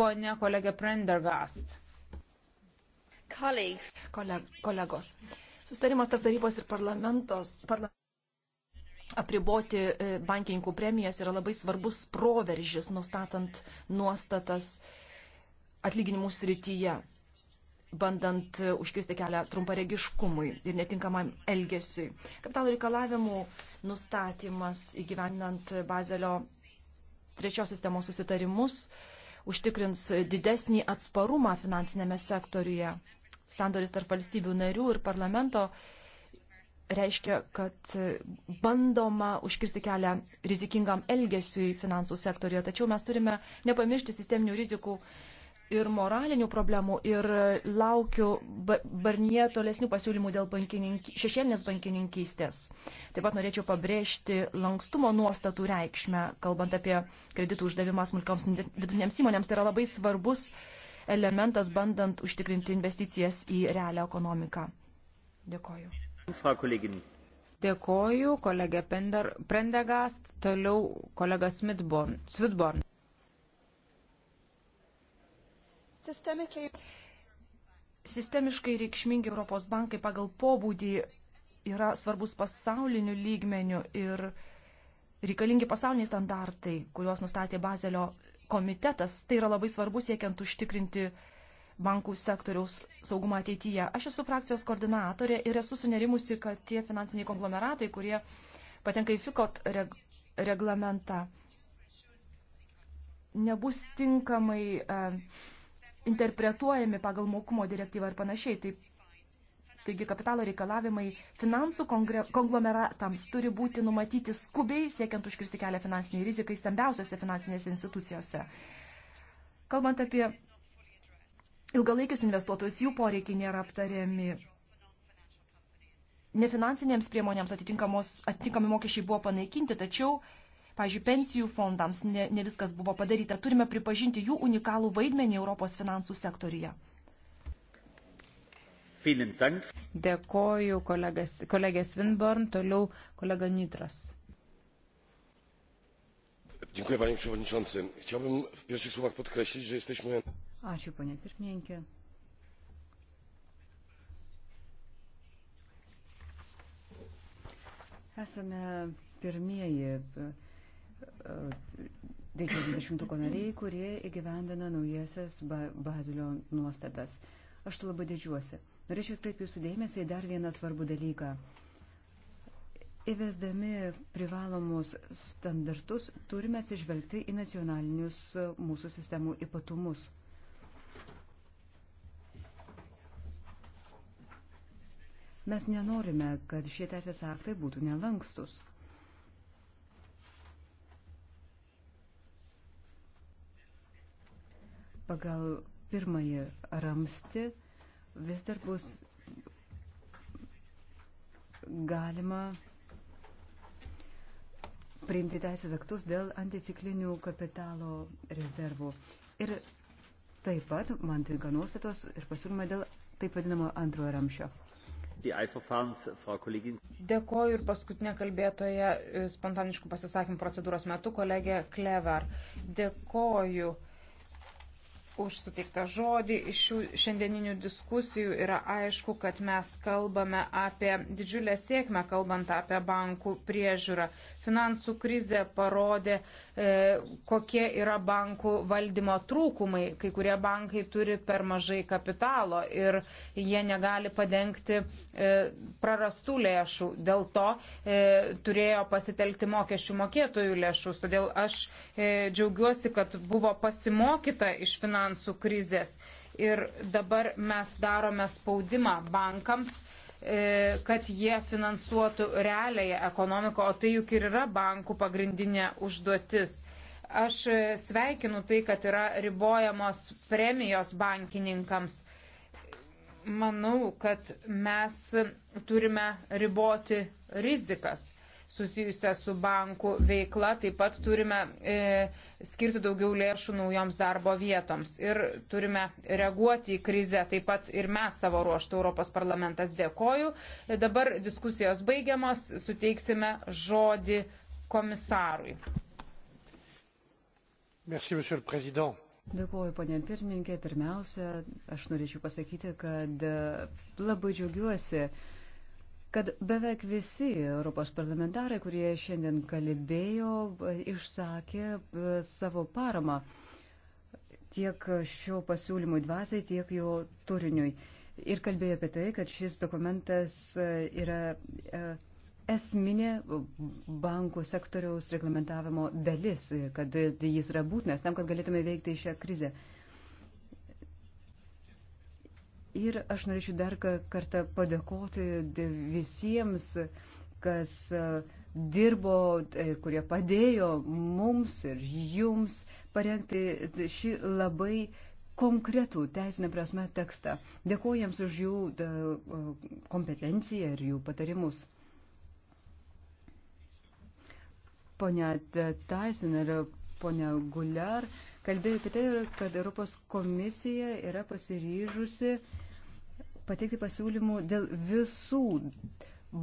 ponė kolegė Prendergast. Kolegos. Kolegos. Sustarimas tarp tarybos ir parlamentos. Parla apriboti e, bankininkų premijas yra labai svarbus proveržis, nustatant nuostatas atlyginimų srityje bandant užkirsti kelią trumparegiškumui ir netinkamam elgesiui. Kapitalo reikalavimų nustatymas įgyvendinant Bazelio trečios sistemos susitarimus užtikrins didesnį atsparumą finansinėme sektoriuje. Sandoris tarp valstybių narių ir parlamento reiškia, kad bandoma užkirsti kelią rizikingam elgesiui finansų sektorijoje. Tačiau mes turime nepamiršti sisteminių rizikų ir moralinių problemų ir laukiu Barnie tolesnių pasiūlymų dėl bankininky, šešėlinės bankininkystės. Taip pat norėčiau pabrėžti lankstumo nuostatų reikšmę, kalbant apie kreditų uždavimą smulkioms vidutinėms įmonėms. Tai yra labai svarbus elementas, bandant užtikrinti investicijas į realią ekonomiką. Dėkoju. Dėkoju, kolegė Pender, Prendegast, toliau kolega Smithborn. Svitborn. Sistemiškai reikšmingi Europos bankai pagal pobūdį yra svarbus pasauliniu lygmeniu ir reikalingi pasauliniai standartai, kuriuos nustatė Bazelio komitetas. Tai yra labai svarbu siekiant užtikrinti bankų sektoriaus saugumą ateityje. Aš esu frakcijos koordinatorė ir esu sunerimusi, kad tie finansiniai konglomeratai, kurie patenka į FICOT reg reglamentą, nebus tinkamai uh, interpretuojami pagal mokumo direktyvą ir panašiai. Taip, taigi kapitalo reikalavimai finansų konglomeratams turi būti numatyti skubiai, siekiant užkirsti kelią finansiniai rizikai stambiausiose finansinėse institucijose. Kalbant apie ilgalaikius investuotojus, jų poreikiai nėra aptariami. Nefinansinėms priemonėms atitinkami mokesčiai buvo panaikinti, tačiau uh, pažiūrėjau, pensijų fondams ne, ne viskas buvo padaryta. Turime pripažinti jų unikalų vaidmenį Europos finansų sektoriuje. Dėkoju kolegas, kolegė Svinborn, toliau kolega Nitras. Dziękuję panie przewodniczący. Chciałbym w pierwszych słowach podkreślić, że jesteśmy. Ačiū, panie pirmininkė. Esame pirmieji G20 nariai, kurie įgyvendina naujasias Bazilio nuostatas. Aš tu labai didžiuosi. Norėčiau atkreipti jūsų dėmesį į dar vieną svarbų dalyką. Įvesdami privalomus standartus turime atsižvelgti į nacionalinius mūsų sistemų ypatumus. Mes nenorime, kad šie teisės aktai būtų nelankstus. pagal pirmąjį ramsti vis dar bus galima priimti teisės aktus dėl anticiklinių kapitalo rezervų. Ir taip pat man tinka nuostatos ir pasiūlymai dėl taip vadinamo antrojo ramšio. Dėkoju ir paskutinė kalbėtoja spontaniškų pasisakymų procedūros metu, kolegė Klevar. Dėkoju už suteiktą žodį. Iš šių šiandieninių diskusijų yra aišku, kad mes kalbame apie didžiulę sėkmę, kalbant apie bankų priežiūrą. Finansų krizė parodė, e, kokie yra bankų valdymo trūkumai. Kai kurie bankai turi per mažai kapitalo ir jie negali padengti e, prarastų lėšų. Dėl to e, turėjo pasitelkti mokesčių mokėtojų lėšus. Todėl aš e, džiaugiuosi, kad buvo pasimokyta iš finansų finansų krizės. Ir dabar mes darome spaudimą bankams, e, kad jie finansuotų realiąją ekonomiką, o tai juk ir yra bankų pagrindinė užduotis. Aš e, sveikinu tai, kad yra ribojamos premijos bankininkams. Manau, kad mes turime riboti rizikas susijusią su bankų veikla, taip pat turime e, skirti daugiau lėšų naujoms darbo vietoms ir turime reaguoti į krizę, taip pat ir mes savo ruoštų Europos parlamentas dėkoju. E, dabar diskusijos baigiamos, suteiksime žodį komisarui. Merci, Dėkuoju, ponė pirmininkė. Pirmiausia, aš norėčiau pasakyti, kad e, labai džiaugiuosi, kad beveik visi Europos parlamentarai, kurie šiandien kalbėjo, išsakė e, savo paramą tiek šio pasiūlymui dvasiai, tiek jo turiniui. Ir kalbėjo apie tai, kad šis dokumentas e, yra e, esminė bankų sektoriaus reglamentavimo dalis, kad jis yra būtinas tam, kad galėtume veikti šią krizę. Ir aš norėčiau dar kartą padėkoti visiems, kas e, dirbo, e, kurie padėjo mums ir jums parengti šį labai konkretų teisinę prasme tekstą. Dėkuoju jiems už jų kompetenciją ir jų patarimus. Pone Taisin ir ponia Guliar kalbėjo apie tai, kad Europos komisija yra pasiryžusi uh, pateikti pasiūlymų dėl visų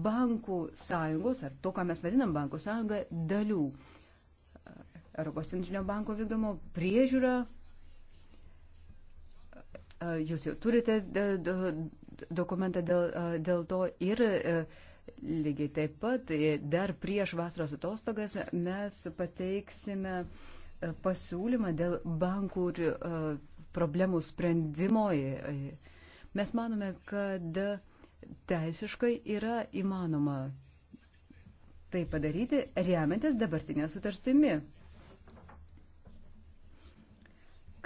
bankų sąjungos, ar to, ką mes vadinam bankų sąjunga, dalių. Europos centrinio banko vykdomo priežiūra. Jūs jau turite dokumentą dėl, dėl to ir lygiai taip pat dar prieš vasaros atostogas mes pateiksime pasiūlymą dėl bankų problemų sprendimo Mes manome, kad teisiškai yra įmanoma tai padaryti remiantis dabartinė sutartimi.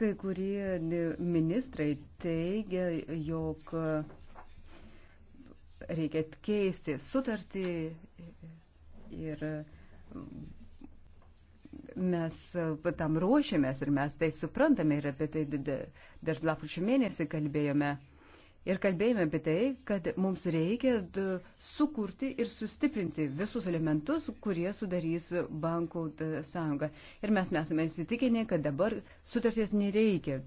Kai kurie ministrai teigia, jog reikia keisti sutartį ir mes tam ruošiamės ir mes tai suprantame ir apie tai dar lapkričio mėnesį kalbėjome. Ir kalbėjome apie tai, kad mums reikia sukurti ir sustiprinti visus elementus, kurie sudarys bankų sąjungą. Ir mes esame įsitikinę, kad dabar sutarties nereikia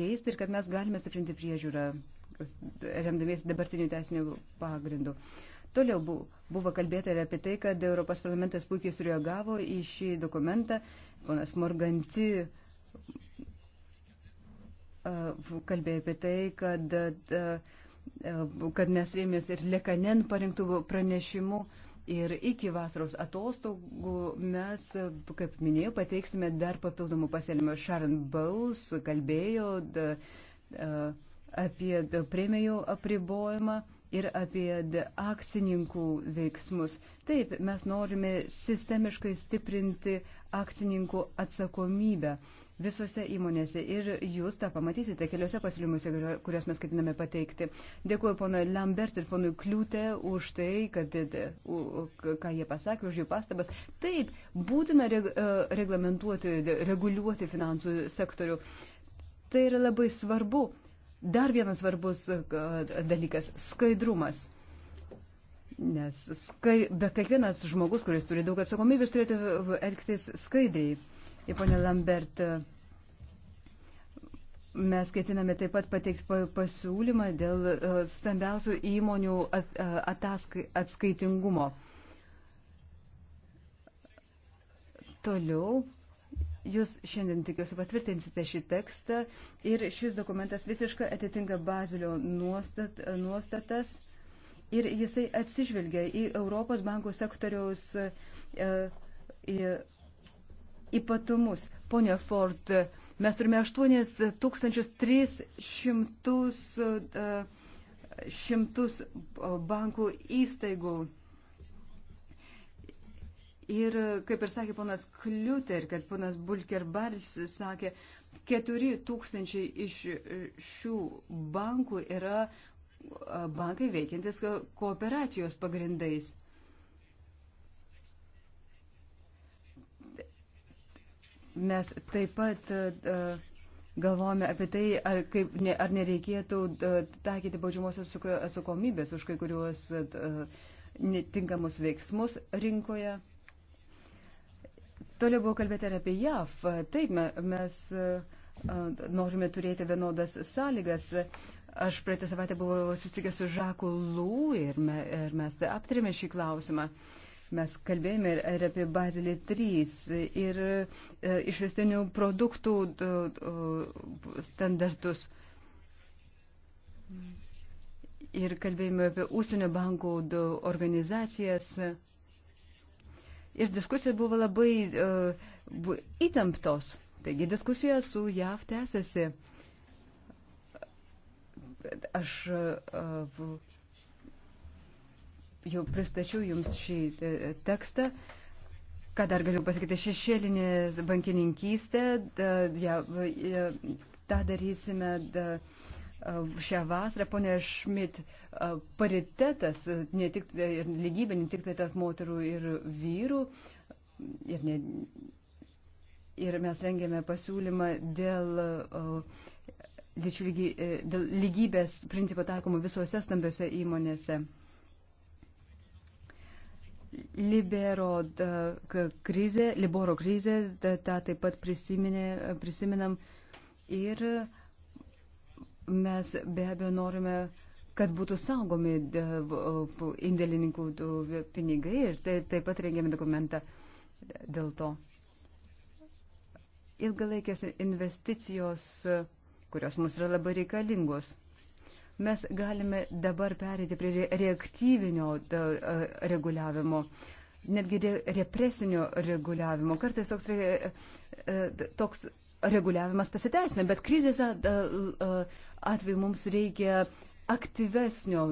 keisti ir kad mes galime stiprinti priežiūrą, remdamiesi dabartiniu teisiniu pagrindu. Toliau buvo kalbėta ir apie tai, kad Europos parlamentas puikiai sureagavo į šį dokumentą. Ponas Morganti kalbėjo apie tai, kad, kad mes rėmės ir Lekanen parinktų pranešimų. Ir iki vasaros atostogų mes, kaip minėjau, pateiksime dar papildomų pasielmio. Sharon Bowles kalbėjo da, apie da, premijų apribojimą ir apie akcininkų veiksmus. Taip, mes norime sistemiškai stiprinti akcininkų atsakomybę visose įmonėse ir jūs tą pamatysite keliose pasiūlymuose, kuriuos mes ketiname pateikti. Dėkuoju ponui Lambert ir ponui Kliūtė už tai, kad, e, ką jie pasakė, už jų pastabas. Taip, būtina e, reglamentuoti, reguliuoti finansų sektorių. Tai yra labai svarbu. Dar vienas svarbus e, dalykas - skaidrumas. Nes skai, bet kiekvienas žmogus, kuris turi daug atsakomybės, turėtų elgtis skaidriai. Ir ponė Lambert, mes ketiname taip pat pateikti pasiūlymą dėl e, stambiausių įmonių e, ataskai, atskaitingumo. Toliau Jūs šiandien tikiuosi patvirtinsite šį tekstą ir šis dokumentas visiškai atitinka Bazilio nuostat, nuostatas ir jisai atsižvelgia į Europos bankų sektoriaus į, e, į ypatumus. Pone Ford, mes turime 8300 e, e, šimtus bankų įstaigų. Ir kaip ir sakė ponas Kliuter, kad ponas Bulkerbaris sakė, 4000 iš šių bankų yra e, bankai veikiantis kooperacijos pagrindais. Mes taip pat e, e, galvojame apie tai, ar, kaip, ne, ar nereikėtų e, taikyti baudžiamosios atsakomybės už kai kuriuos netinkamus veiksmus rinkoje. Toliau buvo kalbėti ir apie JAV. Taip, mes norime turėti vienodas sąlygas. Aš praeitą savaitę buvau susitikęs su Žaku Lū ir, me, ir mes aptarėme šį klausimą. Uh, Mes kalbėjome ir apie bazelį 3 ir e, išvestinių produktų e, e, standartus. Ir kalbėjome apie ūsienio bankų organizacijas. Ir diskusijos buvo labai buvo įtemptos. Taigi diskusija su JAV tęsiasi. Aš uh, jau pristačiau Jums šį e, tekstą. Ką dar galiu pasakyti, šešėlinė bankininkystė, ja, ja, tą darysime da, šią vasarą, ponė Šmit, paritetas, ne tik e, lygybė, ne tik tai tarp moterų ir vyrų. Ir, ne, ir mes rengėme pasiūlymą dėl. O, lyčių lygy, e, dėl lygybės principo taikomo visuose stambiuose įmonėse. Libero krizė, Liboro krizė, tą taip pat prisiminė, prisiminam ir mes be abejo norime, kad būtų saugomi indėlininkų pinigai ir tai taip pat rengėme dokumentą dėl to. Ilgalaikės investicijos, kurios mums yra labai reikalingos mes galime dabar perėti prie reaktyvinio reguliavimo, netgi represinio reguliavimo. Kartais toks, e, e, toks reguliavimas pasiteisina, bet krizės atveju mums reikia aktyvesnio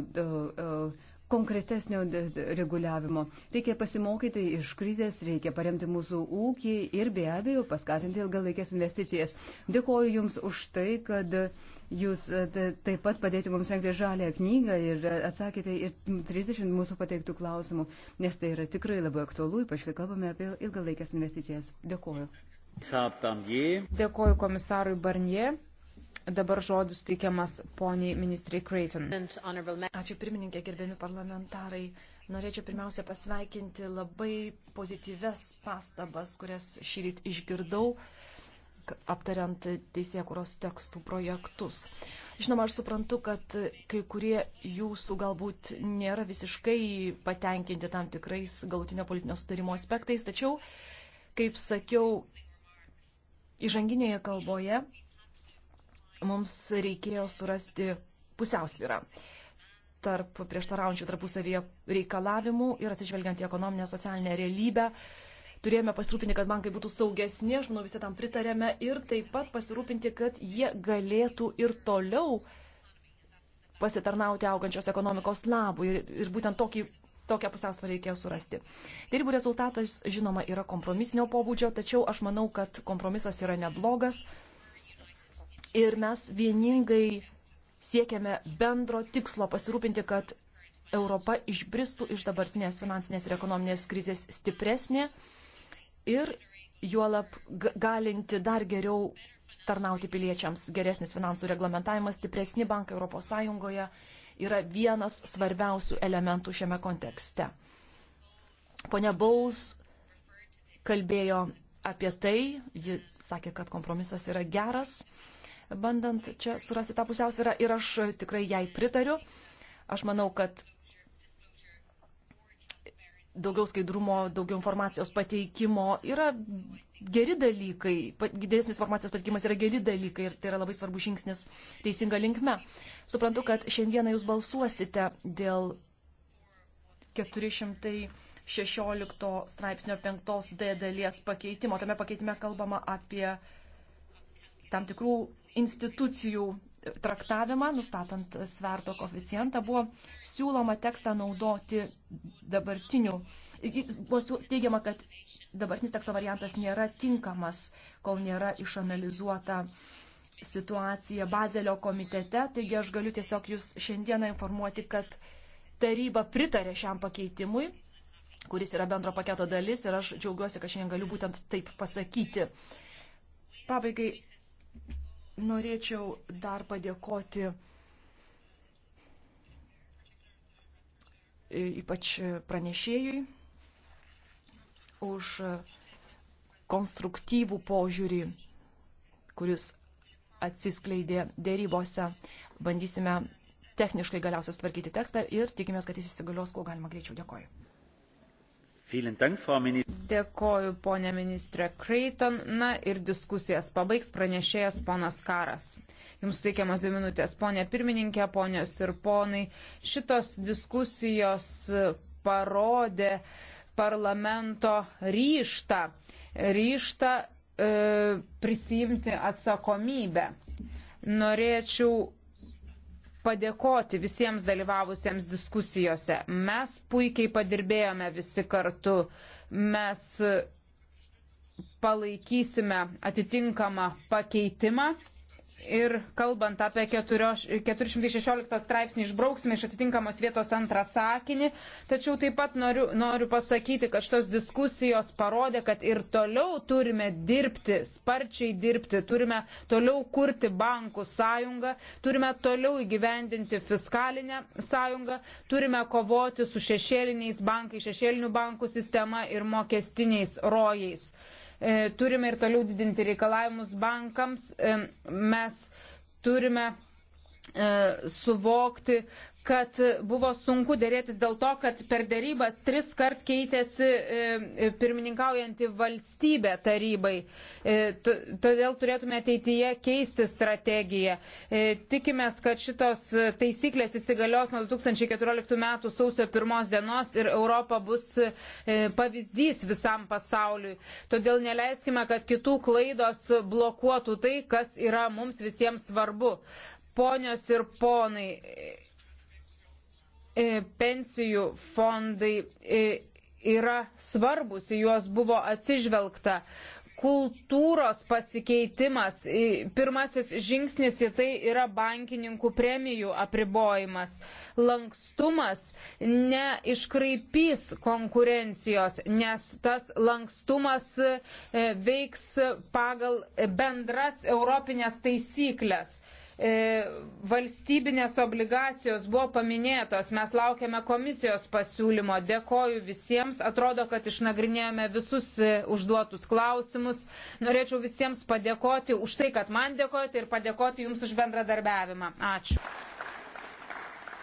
konkretesnio reguliavimo. Reikia pasimokyti iš krizės, reikia paremti mūsų ūkį ir be abejo paskatinti ilgalaikės investicijas. Dėkoju Jums už tai, kad uh, Jūs e, taip pat padėjote mums rengti žalę knygą ir e, atsakėte ir 30 mūsų pateiktų klausimų, nes tai yra tikrai labai aktualu, ypač kai kalbame apie ilgalaikės investicijas. Dėkuoju. Dėkuoju komisarui Barnie. Dabar žodis teikiamas poniai ministrai Creighton. Ačiū pirmininkė, gerbiami parlamentarai. Norėčiau pirmiausia pasveikinti labai pozityves pastabas, kurias šį rytą išgirdau aptariant teisėkuros tekstų projektus. Žinoma, aš suprantu, kad kai kurie jūsų galbūt nėra visiškai patenkinti tam tikrais galutinio politinio sutarimo aspektais, tačiau, kaip sakiau, įžanginėje kalboje mums reikėjo surasti pusiausvyrą tarp prieštaraujančių tarpusavyje reikalavimų ir atsižvelgiant į ekonominę socialinę realybę turėjome pasirūpinti, kad bankai būtų saugesni, aš manau, visi tam pritarėme, ir taip pat pasirūpinti, kad jie galėtų ir toliau pasitarnauti augančios ekonomikos labui. Ir, ir būtent tokį, tokią pusiausvą reikėjo surasti. Dėrybų rezultatas, žinoma, yra kompromisinio pobūdžio, tačiau aš manau, kad kompromisas yra neblogas. Ir mes vieningai siekiame bendro tikslo pasirūpinti, kad Europa išbristų iš dabartinės finansinės ir ekonominės krizės stipresnė ir juolap galinti dar geriau tarnauti piliečiams geresnis finansų reglamentavimas, stipresni bankai ES yra vienas svarbiausių elementų šiame kontekste. Pone Baus kalbėjo apie tai, ji sakė, kad kompromisas yra geras, bandant čia surasti tą pusiausvyrą ir aš tikrai jai pritariu. Aš manau, kad daugiau skaidrumo, daugiau informacijos pateikimo yra geri dalykai, didesnis informacijos pateikimas yra geri dalykai ir tai yra labai svarbus žingsnis teisinga linkme. Suprantu, kad šiandieną jūs balsuosite dėl 416 straipsnio 5D dalies pakeitimo. Tame pakeitime kalbama apie tam tikrų institucijų traktavimą, nustatant sverto koficijantą, buvo siūloma tekstą naudoti dabartiniu. Buvo teigiama, kad dabartinis teksto variantas nėra tinkamas, kol nėra išanalizuota situacija Bazelio komitete. Taigi aš galiu tiesiog jūs šiandieną informuoti, kad taryba pritarė šiam pakeitimui kuris yra bendro paketo dalis ir aš džiaugiuosi, kad šiandien galiu būtent taip pasakyti. Pabaigai norėčiau dar padėkoti e, ypač pranešėjui už konstruktyvų požiūrį, kuris atsiskleidė dėrybose. Bandysime techniškai galiausiai sutvarkyti tekstą ir tikimės, kad jis įsigalios kuo galima greičiau. Dėkoju. Dėkoju, ponė ministrė Kreiton. Na ir diskusijas pabaigs pranešėjas ponas Karas. Jums teikiamas dvi minutės, ponė pirmininkė, ponios ir ponai. Šitos diskusijos parodė parlamento ryštą, ryštą e, prisijimti atsakomybę. Norėčiau padėkoti visiems dalyvavusiems diskusijose. Mes puikiai padirbėjome visi kartu. Mes palaikysime atitinkamą pakeitimą ir kalbant apie 416 straipsnį išbrauksime iš atitinkamos vietos antrą sakinį, tačiau taip pat noriu, noriu pasakyti, kad šios diskusijos parodė, kad ir toliau turime dirbti, sparčiai dirbti, turime toliau kurti bankų sąjungą, turime toliau įgyvendinti fiskalinę sąjungą, turime kovoti su šešėliniais bankai, šešėlinių bankų sistema ir mokestiniais rojais. E, turime ir toliau didinti reikalavimus bankams. E, mes turime e, suvokti, kad buvo sunku dėrėtis dėl to, kad per dėrybas tris kart keitėsi e, e, pirmininkaujanti valstybė tarybai. E, todėl turėtume ateityje keisti strategiją. Tikimės, kad šitos taisyklės įsigalios nuo 2014 metų sausio pirmos dienos ir Europa bus pavyzdys visam pasauliui. Todėl neleiskime, kad kitų klaidos blokuotų tai, kas yra mums visiems svarbu. Ponios ir ponai, E, pensijų fondai e, yra svarbus, juos buvo atsižvelgta. Kultūros pasikeitimas, pirmasis žingsnis į tai yra bankininkų premijų apribojimas. Lankstumas neiškraipys konkurencijos, nes tas lankstumas e, veiks pagal bendras europinės taisyklės. E, valstybinės obligacijos buvo paminėtos, mes laukiame komisijos pasiūlymo. Dėkoju visiems, atrodo, kad išnagrinėjome visus e, užduotus klausimus. Norėčiau visiems padėkoti už tai, kad man dėkojate ir padėkoti Jums už bendradarbiavimą. Ačiū.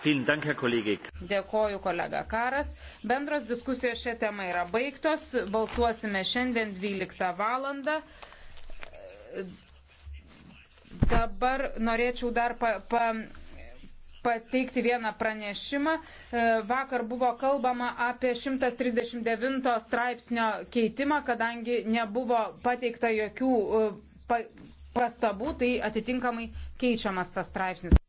Dėkoju kolega Karas. Bendros diskusijos šią temą yra baigtos. Balsuosime šiandien 12 valandą. Dabar norėčiau dar pa, pa, pateikti vieną pranešimą. E, vakar buvo kalbama apie 139 straipsnio keitimą, kadangi nebuvo pateikta jokių e, pastabų, tai atitinkamai keičiamas tas straipsnis.